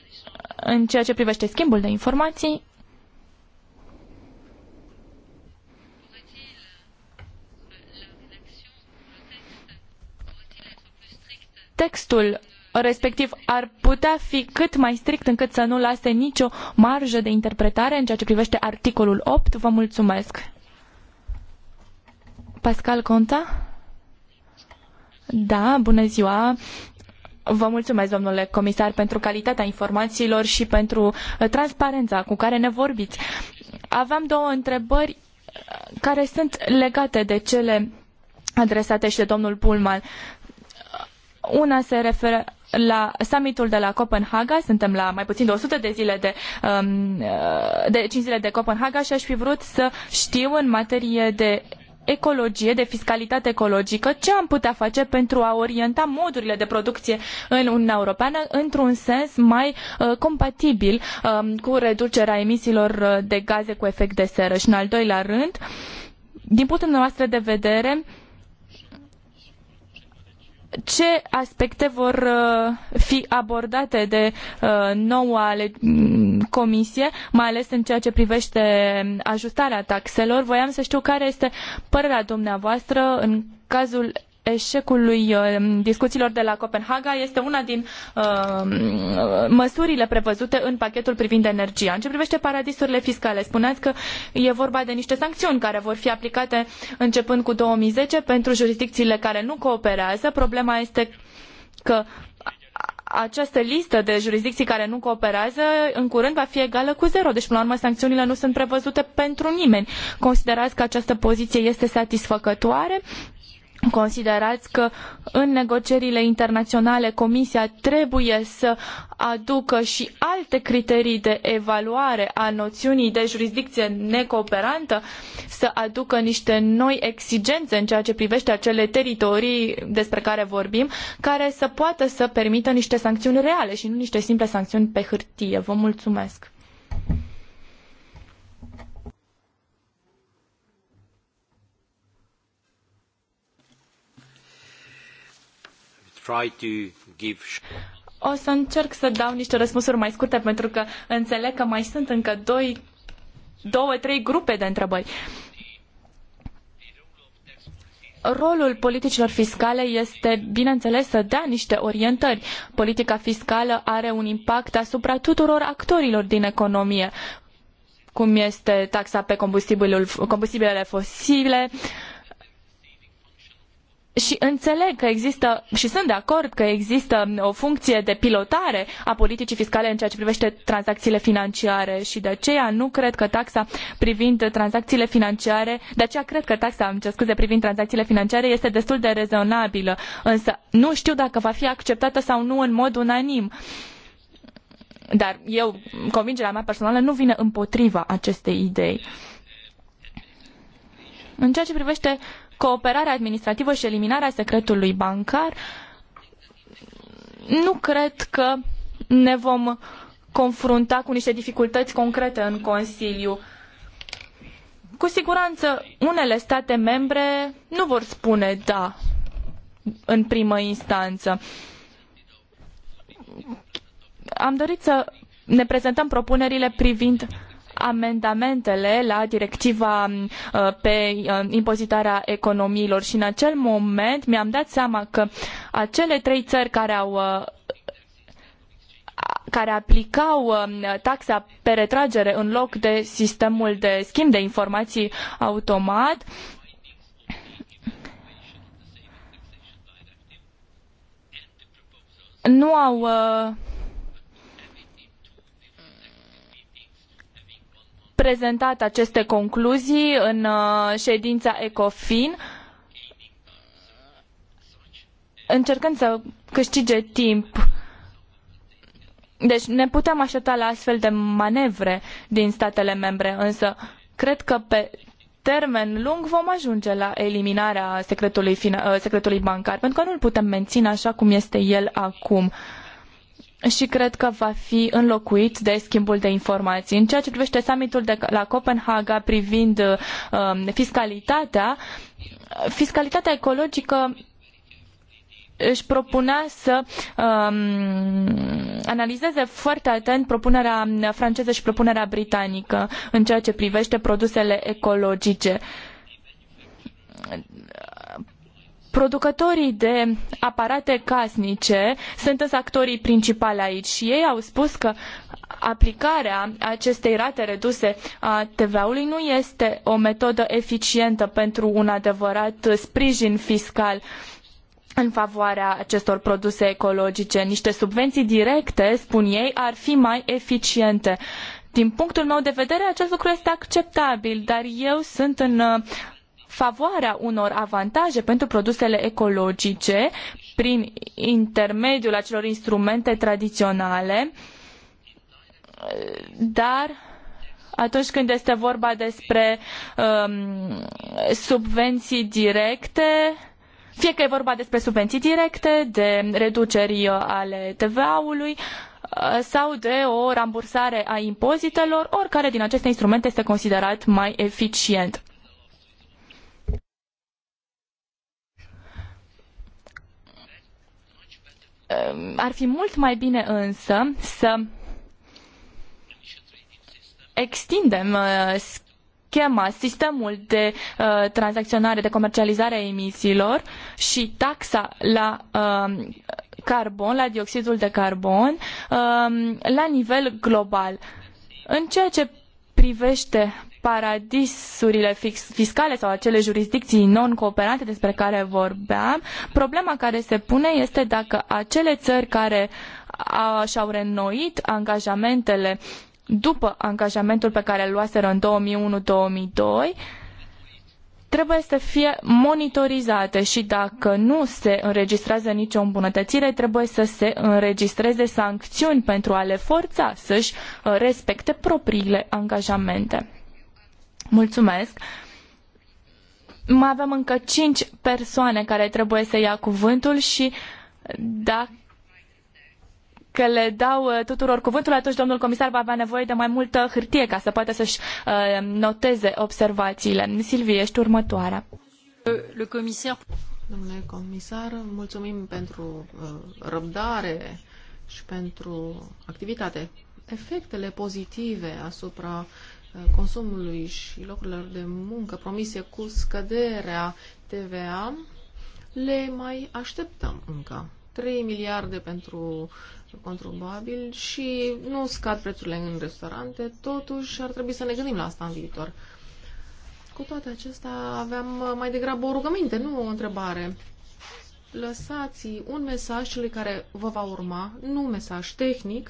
în ceea ce privește schimbul de informații, textul respectiv ar putea fi cât mai strict încât să nu lase nicio marjă de interpretare în ceea ce privește articolul 8. Vă mulțumesc. Pascal Conta? Da, bună ziua. Vă mulțumesc, domnule comisar, pentru calitatea informațiilor și pentru uh, transparența cu care ne vorbiți. Aveam două întrebări uh, care sunt legate de cele adresate și de domnul Pullman. Una se referă la summitul de la Copenhaga, suntem la mai puțin de 100 de zile de, um, uh, de 5 zile de Copenhaga și aș fi vrut să știu în materie de ecologie, de fiscalitate ecologică, ce am putea face pentru a orienta modurile de producție în Uniunea Europeană într-un sens mai uh, compatibil um, cu reducerea emisiilor uh, de gaze cu efect de seră. Și în al doilea rând, din punctul nostru de vedere, uh, ce aspecte vor uh, fi abordate de uh, noua mm, comisie, mai ales în ceea ce privește ajustarea taxelor. Voiam să știu care este părerea dumneavoastră în cazul eșecului uh, discuțiilor de la Copenhaga este una din uh, măsurile prevăzute în pachetul privind energia. În ce privește paradisurile fiscale, spuneați că e vorba de niște sancțiuni care vor fi aplicate începând cu 2010 pentru jurisdicțiile care nu cooperează. Problema este că această listă de jurisdicții care nu cooperează în curând va fi egală cu zero. Deci, până la urmă, sancțiunile nu sunt prevăzute pentru nimeni. Considerați că această poziție este satisfăcătoare? Considerați că în negocierile internaționale Comisia trebuie să aducă și alte criterii de evaluare a noțiunii de jurisdicție necooperantă, să aducă niște noi exigențe în ceea ce privește acele teritorii despre care vorbim, care să poată să permită niște sancțiuni reale și nu niște simple sancțiuni pe hârtie. Vă mulțumesc! O să încerc să dau niște răspunsuri mai scurte pentru că înțeleg că mai sunt încă doi, două, trei grupe de întrebări. Rolul politicilor fiscale este, bineînțeles, să dea niște orientări. Politica fiscală are un impact asupra tuturor actorilor din economie, cum este taxa pe combustibilele fosile, uh, și înțeleg că există și sunt de acord că există o funcție de pilotare a politicii fiscale în ceea ce privește tranzacțiile financiare și de aceea nu cred că taxa privind tranzacțiile financiare, de aceea cred că taxa, scuze, privind tranzacțiile financiare este destul de rezonabilă, însă nu știu dacă va fi acceptată sau nu în mod unanim. Dar eu, convingerea mea personală nu vine împotriva acestei idei. În ceea ce privește cooperarea administrativă și eliminarea secretului bancar, nu cred că ne vom confrunta cu niște dificultăți concrete în Consiliu. Cu siguranță, unele state membre nu vor spune da în primă instanță. Am dorit să ne prezentăm propunerile privind amendamentele la directiva mm, uh, pe uh, impozitarea economiilor și în acel moment mi-am dat seama că acele trei țări care au uh, care aplicau um, taxa pe retragere în loc de sistemul de schimb de informații automat, nu au uh, prezentat aceste concluzii în uh, ședința ECOFIN, încercând să câștige timp. Deci ne putem aștepta la astfel de manevre din statele membre, însă cred că pe termen lung vom ajunge la eliminarea secretului, uh, secretului bancar, pentru că nu îl putem menține așa cum este el acum. Uh, și cred că va fi înlocuit de schimbul de informații. În ceea ce privește summitul de la Copenhaga privind um, fiscalitatea, fiscalitatea ecologică își propunea să um, analizeze foarte atent propunerea franceză și propunerea britanică în ceea ce privește produsele ecologice Producătorii de aparate casnice sunt însă actorii principali aici și ei au spus că aplicarea acestei rate reduse a TVA-ului nu este o metodă eficientă pentru un adevărat sprijin fiscal în favoarea acestor produse ecologice. Niște subvenții directe, spun ei, ar fi mai eficiente. Din punctul meu de vedere, acest lucru este acceptabil, dar eu sunt în favoarea unor avantaje pentru produsele ecologice prin intermediul acelor instrumente tradiționale, dar atunci când este vorba despre um, subvenții directe, fie că e vorba despre subvenții directe, de reduceri uh, ale TVA-ului uh, sau de o rambursare a impozitelor, oricare din aceste instrumente este considerat mai eficient. Ehm, ar fi mult mai bine însă să extindem uh, schema, sistemul de uh, tranzacționare, de comercializare a emisiilor și taxa la um, carbon, la dioxidul de carbon, um, la nivel global. În ceea ce privește paradisurile fiscale sau acele jurisdicții non-cooperante despre care vorbeam, problema care se pune este dacă acele țări care a, și-au renoit angajamentele după angajamentul pe care îl luaseră în 2001-2002, trebuie să fie monitorizate și dacă nu se înregistrează nicio îmbunătățire, trebuie să se înregistreze sancțiuni pentru a le forța să-și uh, respecte propriile angajamente. Mulțumesc. Mai avem încă cinci persoane care trebuie să ia cuvântul și dacă le dau uh, tuturor cuvântul, atunci domnul comisar va avea nevoie de mai multă hârtie ca să poată să-și uh, noteze observațiile. Silvie, ești următoarea. Uh, Domnule comisar, mulțumim pentru răbdare și pentru activitate. Efectele pozitive asupra consumului și locurilor de muncă promise cu scăderea TVA, le mai așteptăm încă. 3 miliarde pentru contribuabil și nu scad prețurile în restaurante, totuși ar trebui să ne gândim la asta în viitor. Cu toate acestea aveam mai degrabă o rugăminte, nu o întrebare. Lăsați un mesaj celui care vă va urma, nu un mesaj tehnic,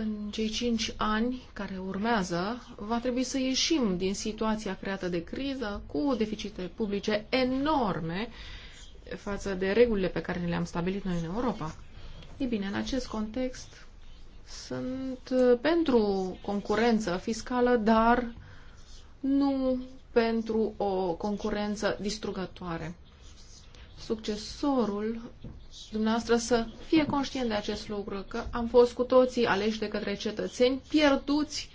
în cei cinci ani care urmează, va trebui să ieșim din situația creată de criză cu deficite publice enorme față de regulile pe care le-am stabilit noi în Europa. Ei bine, în acest context sunt pentru concurență fiscală, dar nu pentru o concurență distrugătoare. Succesorul dumneavoastră să fie conștient de acest lucru, că am fost cu toții aleși de către cetățeni pierduți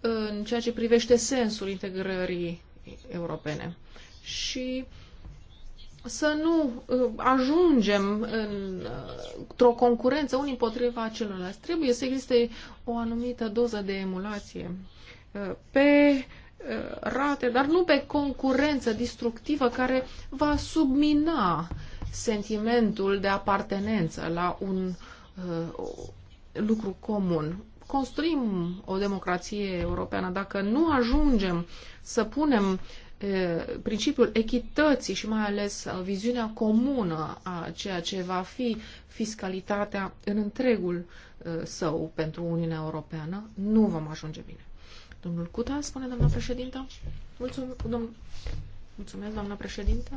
uh, în ceea ce privește sensul integrării europene. Și să nu uh, ajungem în, uh, într-o concurență unii împotriva celorlalți. Trebuie să existe o anumită doză de emulație pe rate, dar nu pe concurență distructivă care va submina uh, sentimentul de apartenență la un uh, lucru comun. Construim o democrație europeană dacă nu ajungem să punem uh, principiul echității și mai ales uh, viziunea comună a ceea ce va fi fiscalitatea în întregul uh, său pentru Uniunea Europeană, nu vom ajunge bine. Domnul Cuta, spune doamna președintă. Mulțumesc, domn... Mulțumesc, doamna președintă.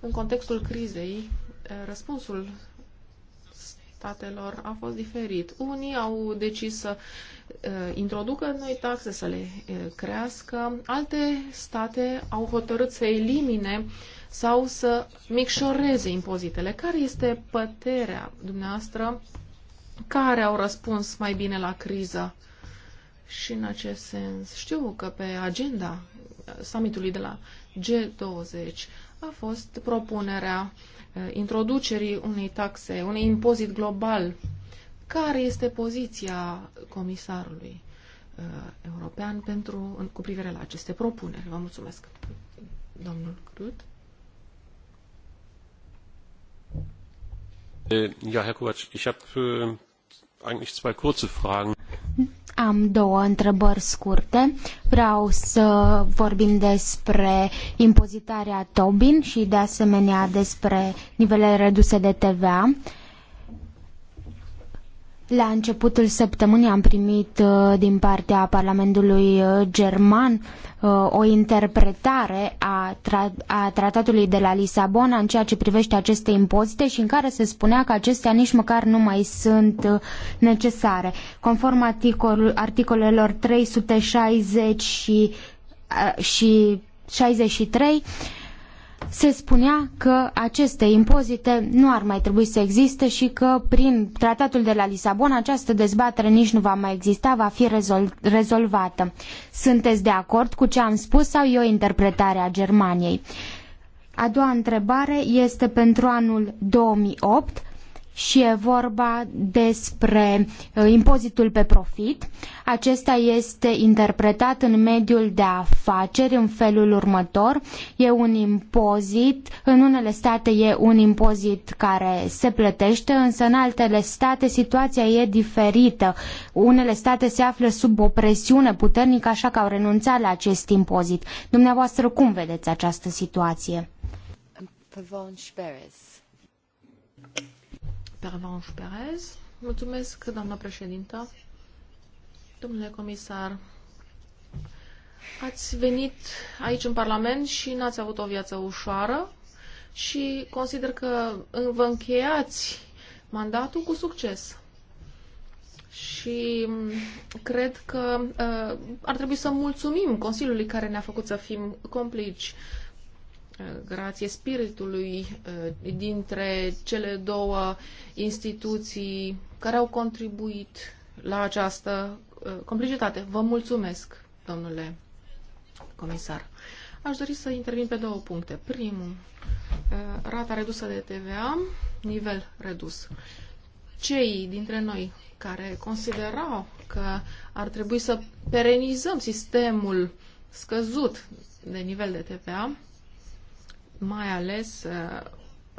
În contextul crizei, eh, răspunsul statelor a fost diferit. Unii au decis să eh, introducă noi taxe, să le eh, crească. Alte state au hotărât să elimine sau să micșoreze impozitele. Care este păterea dumneavoastră? Care au răspuns mai bine la criză? Și în acest sens, știu că pe agenda summitului de la G20 a fost propunerea eh, introducerii unei taxe, unei impozit global. Care este poziția comisarului eh, european pentru, cu privire la aceste propuneri? Vă mulțumesc, domnul Crut. Eh, ja, Herr Kovac, ich habe eigentlich zwei kurze Fragen. Am două întrebări scurte. Vreau să vorbim despre impozitarea Tobin și de asemenea despre nivelele reduse de TVA. Uh, la începutul săptămânii am primit uh, din partea Parlamentului uh, German uh, o interpretare a, tra a, tratatului de la Lisabona în ceea ce privește aceste impozite și în care se spunea că acestea nici măcar nu mai sunt necesare. Conform articol articolelor 360 și, și 63, se spunea că aceste impozite nu ar mai trebui să existe și că prin tratatul de la Lisabona această dezbatere nici nu va mai exista, va fi rezol rezolvată. Sunteți de acord cu ce am spus sau e o interpretare a Germaniei? A doua întrebare este pentru anul 2008 și e vorba despre uh, impozitul pe profit. Acesta este interpretat în mediul de afaceri în felul următor. E un impozit, în unele state e un impozit care se plătește, însă în altele state situația e diferită. Unele state se află sub o presiune puternică, așa că au renunțat la acest impozit. Dumneavoastră, cum vedeți această situație? Pervanș Perez. Mulțumesc, doamnă președintă. Domnule comisar, ați venit aici în Parlament și n-ați avut o viață ușoară și consider că vă încheiați mandatul cu succes. Și mm, cred că uh, ar trebui să mulțumim Consiliului care ne-a făcut să fim complici grație spiritului eh, dintre cele două instituții care au contribuit la această eh, complicitate. Vă mulțumesc, domnule comisar. Aș dori să intervin pe două puncte. Primul, eh, rata redusă de TVA, nivel redus. Cei dintre noi care considerau că ar trebui să perenizăm sistemul scăzut de nivel de TVA, mai ales uh,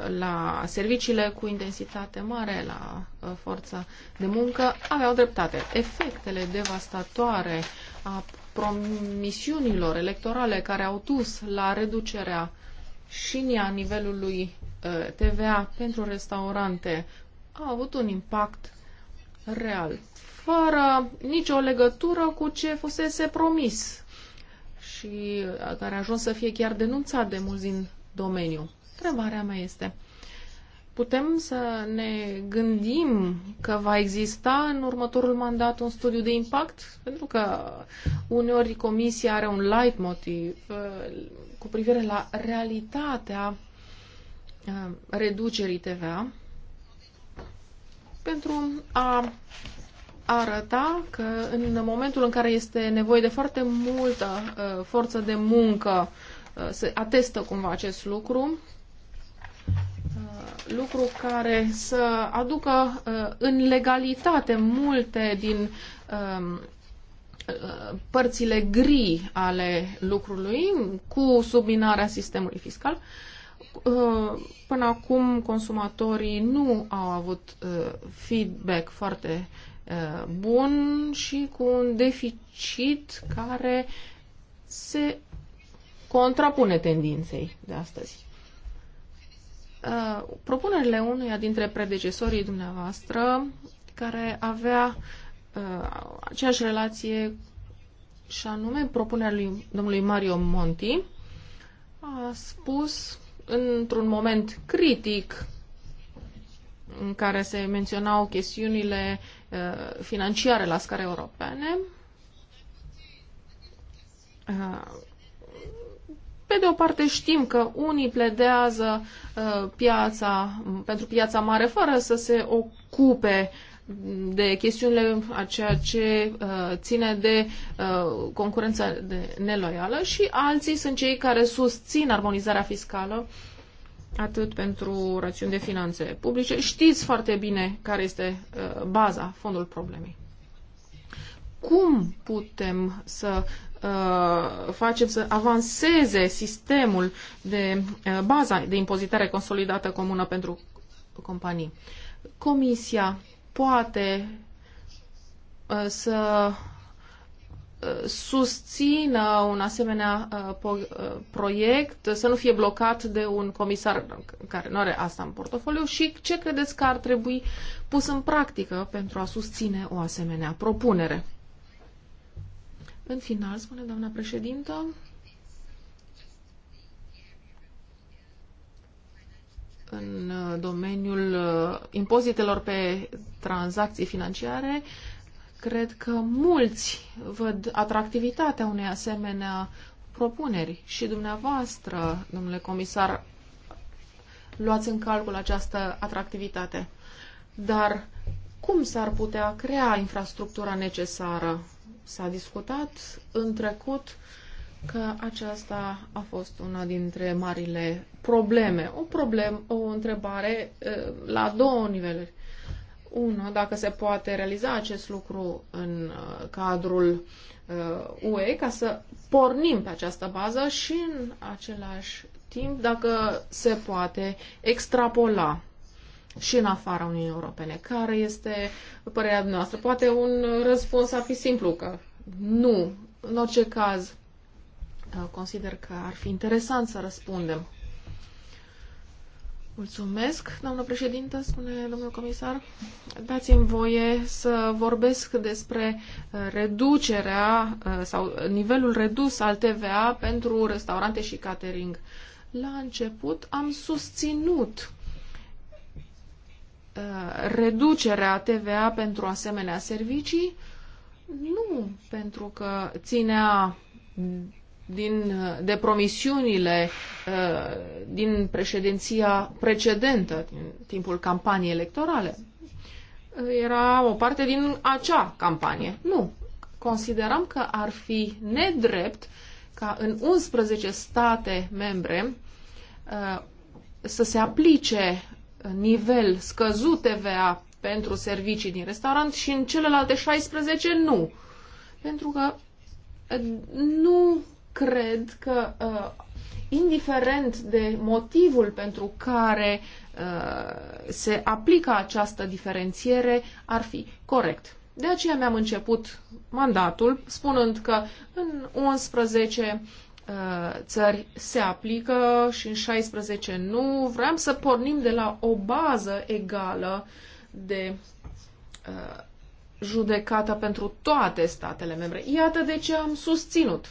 la serviciile cu intensitate mare, la uh, forța de muncă, aveau dreptate. Efectele devastatoare a promisiunilor electorale care au dus la reducerea și a nivelului uh, TVA pentru restaurante au avut un impact real, fără nicio legătură cu ce fusese promis și care a ajuns să fie chiar denunțat de mulți din domeniu. Întrebarea mea este, putem să ne gândim că va exista în următorul mandat un studiu de impact? Pentru că uneori Comisia are un light motiv uh, cu privire la realitatea uh, reducerii TVA pentru a arăta că în momentul în care este nevoie de foarte multă uh, forță de muncă Uh, se atestă cumva acest lucru, uh, lucru care să aducă uh, în legalitate multe din um, părțile gri ale lucrului cu subminarea sistemului fiscal. Până acum consumatorii nu au avut feedback foarte bun și cu un deficit care se contrapune tendinței de astăzi. Uh, propunerile unuia dintre predecesorii dumneavoastră, care avea uh, aceeași relație și anume propunerea lui domnului Mario Monti, a spus într-un moment critic în care se menționau chestiunile uh, financiare la scară europeană, pe de o parte știm că unii pledează uh, piața, pentru piața mare fără să se ocupe de chestiunile a ceea ce uh, ține de uh, concurența de neloială și alții sunt cei care susțin armonizarea fiscală atât pentru rațiuni de finanțe publice. Știți foarte bine care este uh, baza, fondul problemei. Cum putem să Uh, facem să avanseze sistemul de uh, baza de impozitare consolidată comună pentru companii. Comisia poate uh, să susțină un asemenea proiect, să nu fie blocat de un comisar care nu are asta în portofoliu și ce credeți că ar trebui pus în practică pentru a susține o asemenea propunere? În final, spune doamna președintă, în uh, domeniul uh, impozitelor pe tranzacții financiare, cred că mulți văd atractivitatea unei asemenea propuneri și dumneavoastră, domnule comisar, luați în calcul această atractivitate. Dar cum s-ar putea crea infrastructura necesară S-a discutat în trecut că aceasta a fost una dintre marile probleme. O, problemă, o întrebare la două niveluri. Una, dacă se poate realiza acest lucru în cadrul UE ca să pornim pe această bază și în același timp dacă se poate extrapola și în afara Uniunii Europene. Care este părerea noastră? Poate un răspuns ar fi simplu, că nu. În orice caz, uh, consider că ar fi interesant să răspundem. Mulțumesc, doamnă președintă, spune domnul comisar. Dați-mi voie să vorbesc despre uh, reducerea uh, sau nivelul redus al TVA pentru restaurante și catering. La început am susținut Uh, reducerea TVA pentru asemenea servicii? Nu, pentru că ținea din, de promisiunile uh, din președinția precedentă, din timpul campaniei electorale. Era o parte din acea campanie. Nu. consideram că ar fi nedrept ca în 11 state membre uh, să se aplice nivel scăzut TVA pentru servicii din restaurant și în celelalte 16 nu. Pentru că eh, nu cred că, eh, indiferent de motivul pentru care eh, se aplică această diferențiere, ar fi corect. De aceea mi-am început mandatul spunând că în 11 Uh, țări se aplică și în 16 nu. Vreau să pornim de la o bază egală de uh, judecată pentru toate statele membre. Iată de ce am susținut.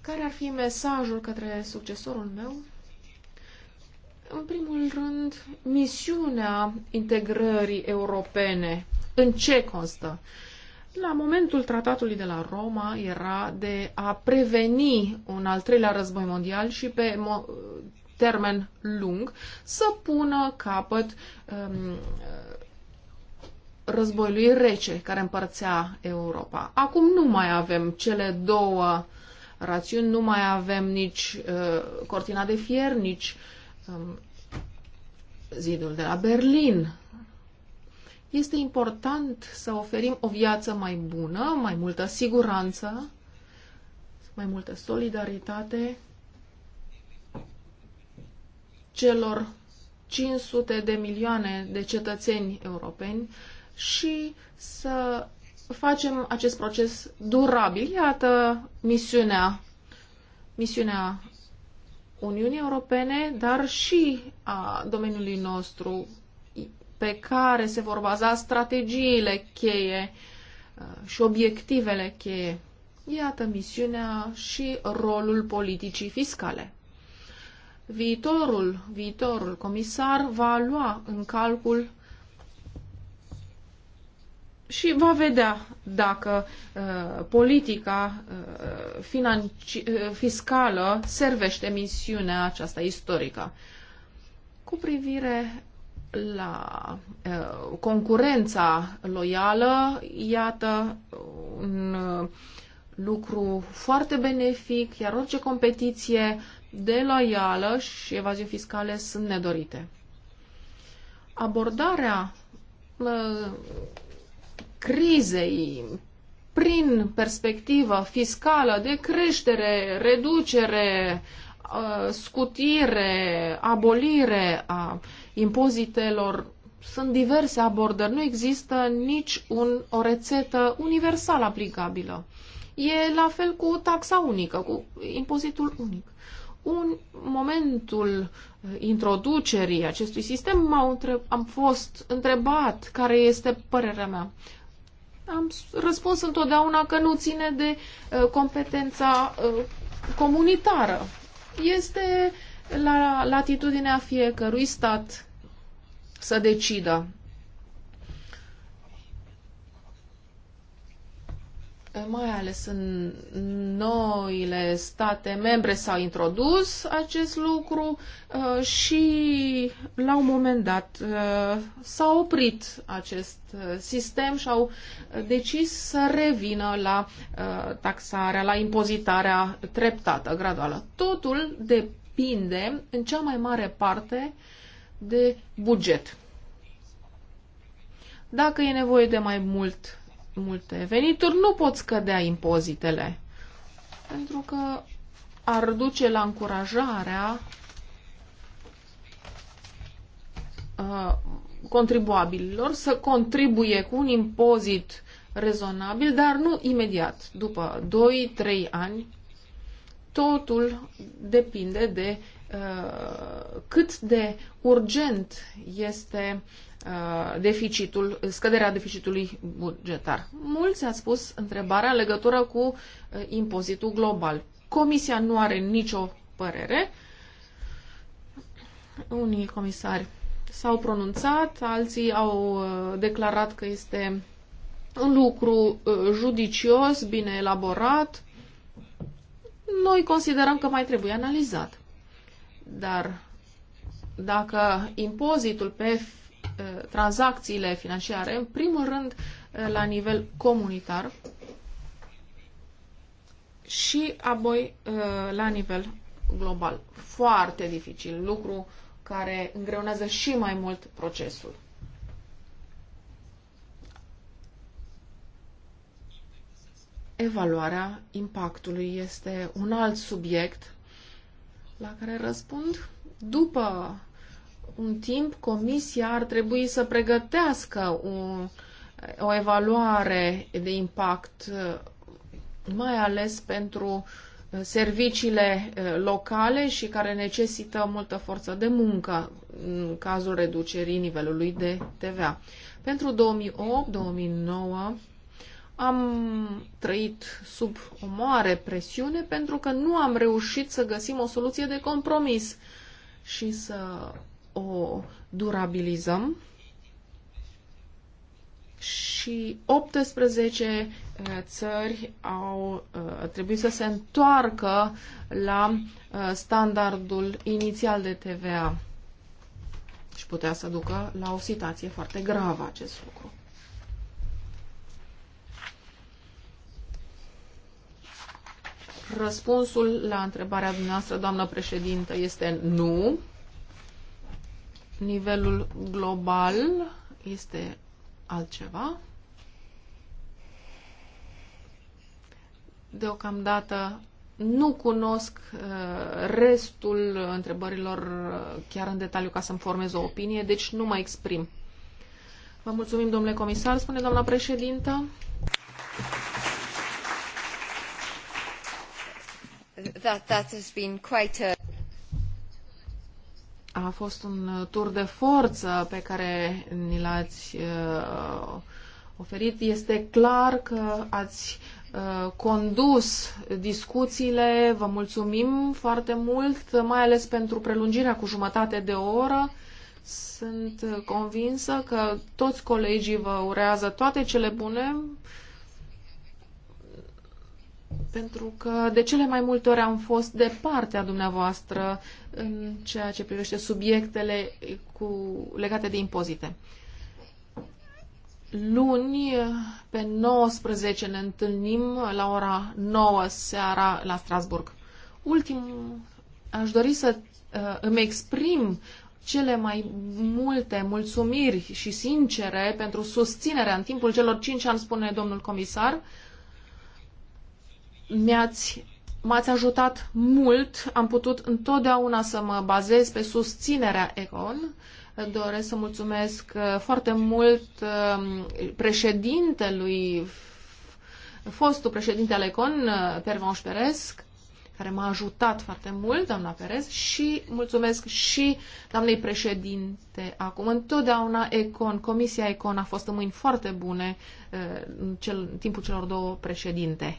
Care ar fi mesajul către succesorul meu? În primul rând, misiunea integrării europene. În ce constă? Uh, la momentul tratatului de la Roma era de a preveni un al treilea război mondial și pe mo termen lung să pună capăt um, războiului rece care împărțea Europa. Acum nu mai avem cele două rațiuni, nu mai avem nici uh, cortina de fier, nici um, zidul de la Berlin, este important să oferim o viață mai bună, mai multă siguranță, mai multă solidaritate celor 500 de milioane de cetățeni europeni și să facem acest proces durabil. Iată misiunea, misiunea Uniunii Europene, dar și a domeniului nostru pe care se vor baza strategiile cheie uh, și obiectivele cheie. Iată misiunea și rolul politicii fiscale. Viitorul, viitorul comisar va lua în calcul și va vedea dacă uh, politica uh, uh, fiscală servește misiunea aceasta istorică. Cu privire la uh, concurența loială, iată un uh, lucru foarte benefic, iar orice competiție deloială și evaziuni fiscale sunt nedorite. Abordarea uh, crizei prin perspectivă fiscală de creștere, reducere, scutire, abolire a impozitelor. Sunt diverse abordări, nu există nici un, o rețetă universal aplicabilă. E la fel cu taxa unică, cu impozitul unic. Un momentul introducerii acestui sistem am, întreb, am fost întrebat care este părerea mea. Am răspuns întotdeauna că nu ține de uh, competența uh, comunitară. Este uh, la latitudinea fiecărui stat să decidă. Mai ales în noile state membre s-a introdus acest lucru uh, și la un moment dat uh, s-a oprit acest uh, sistem și au decis să revină la taxarea, la impozitarea treptată, graduală. Totul de depinde în cea mai mare parte de buget. Dacă e nevoie de mai mult, multe venituri, nu pot scădea impozitele, pentru că ar duce la încurajarea uh, contribuabililor să contribuie cu un impozit rezonabil, dar nu imediat, după 2-3 ani, totul depinde de uh, cât de urgent este uh, deficitul, scăderea deficitului bugetar. Mulți ați spus întrebarea în legătură cu uh, impozitul global. Comisia nu are nicio părere. Unii comisari s-au pronunțat, alții au uh, declarat că este un lucru judicios, bine elaborat, noi considerăm că mai trebuie analizat. Dar dacă impozitul pe eh, tranzacțiile financiare, în primul rând eh, la nivel comunitar și apoi eh, la nivel global. Foarte dificil lucru care îngreunează și mai mult procesul. evaluarea impactului este un alt subiect la care răspund. După un timp, comisia ar trebui să pregătească un, o evaluare de impact, mai ales pentru uh, serviciile uh, locale și care necesită multă forță de muncă în cazul reducerii nivelului de TVA. Pentru 2008-2009 am trăit sub o mare presiune pentru că nu am reușit să găsim o soluție de compromis și să o durabilizăm. Și 18 eh, țări au eh, trebuit să se întoarcă la eh, standardul inițial de TVA și putea să ducă la o situație foarte gravă acest lucru. Răspunsul la întrebarea dumneavoastră, doamnă președintă, este nu. Nivelul global este altceva. Deocamdată nu cunosc uh, restul întrebărilor uh, chiar în detaliu ca să-mi formez o opinie, deci nu mă exprim. Vă mulțumim, domnule comisar, spune doamna președintă. a... fost un uh, tur de forță pe care ni l-ați uh, oferit. Este clar că ați uh, condus discuțiile. Vă mulțumim foarte mult, mai ales pentru prelungirea cu jumătate de oră. Sunt convinsă că toți colegii vă urează toate cele bune pentru că de cele mai multe ori am fost de partea dumneavoastră în ceea ce privește subiectele cu, legate de impozite. Luni, pe 19, ne întâlnim la ora 9 seara la Strasburg. Ultim, aș dori să uh, îmi exprim cele mai multe mulțumiri și sincere pentru susținerea în timpul celor cinci ani, spune domnul comisar, uh, mi-ați m-ați ajutat mult, am putut întotdeauna să mă bazez pe susținerea Econ. Doresc să mulțumesc uh, foarte mult um, președintelui, fostul președinte al Econ, uh, Pervanș Perez, care m-a ajutat foarte mult, doamna Perez, și mulțumesc și doamnei președinte. Acum, întotdeauna Econ, Comisia Econ a fost în mâini foarte bune uh, în, cel, în timpul celor două președinte.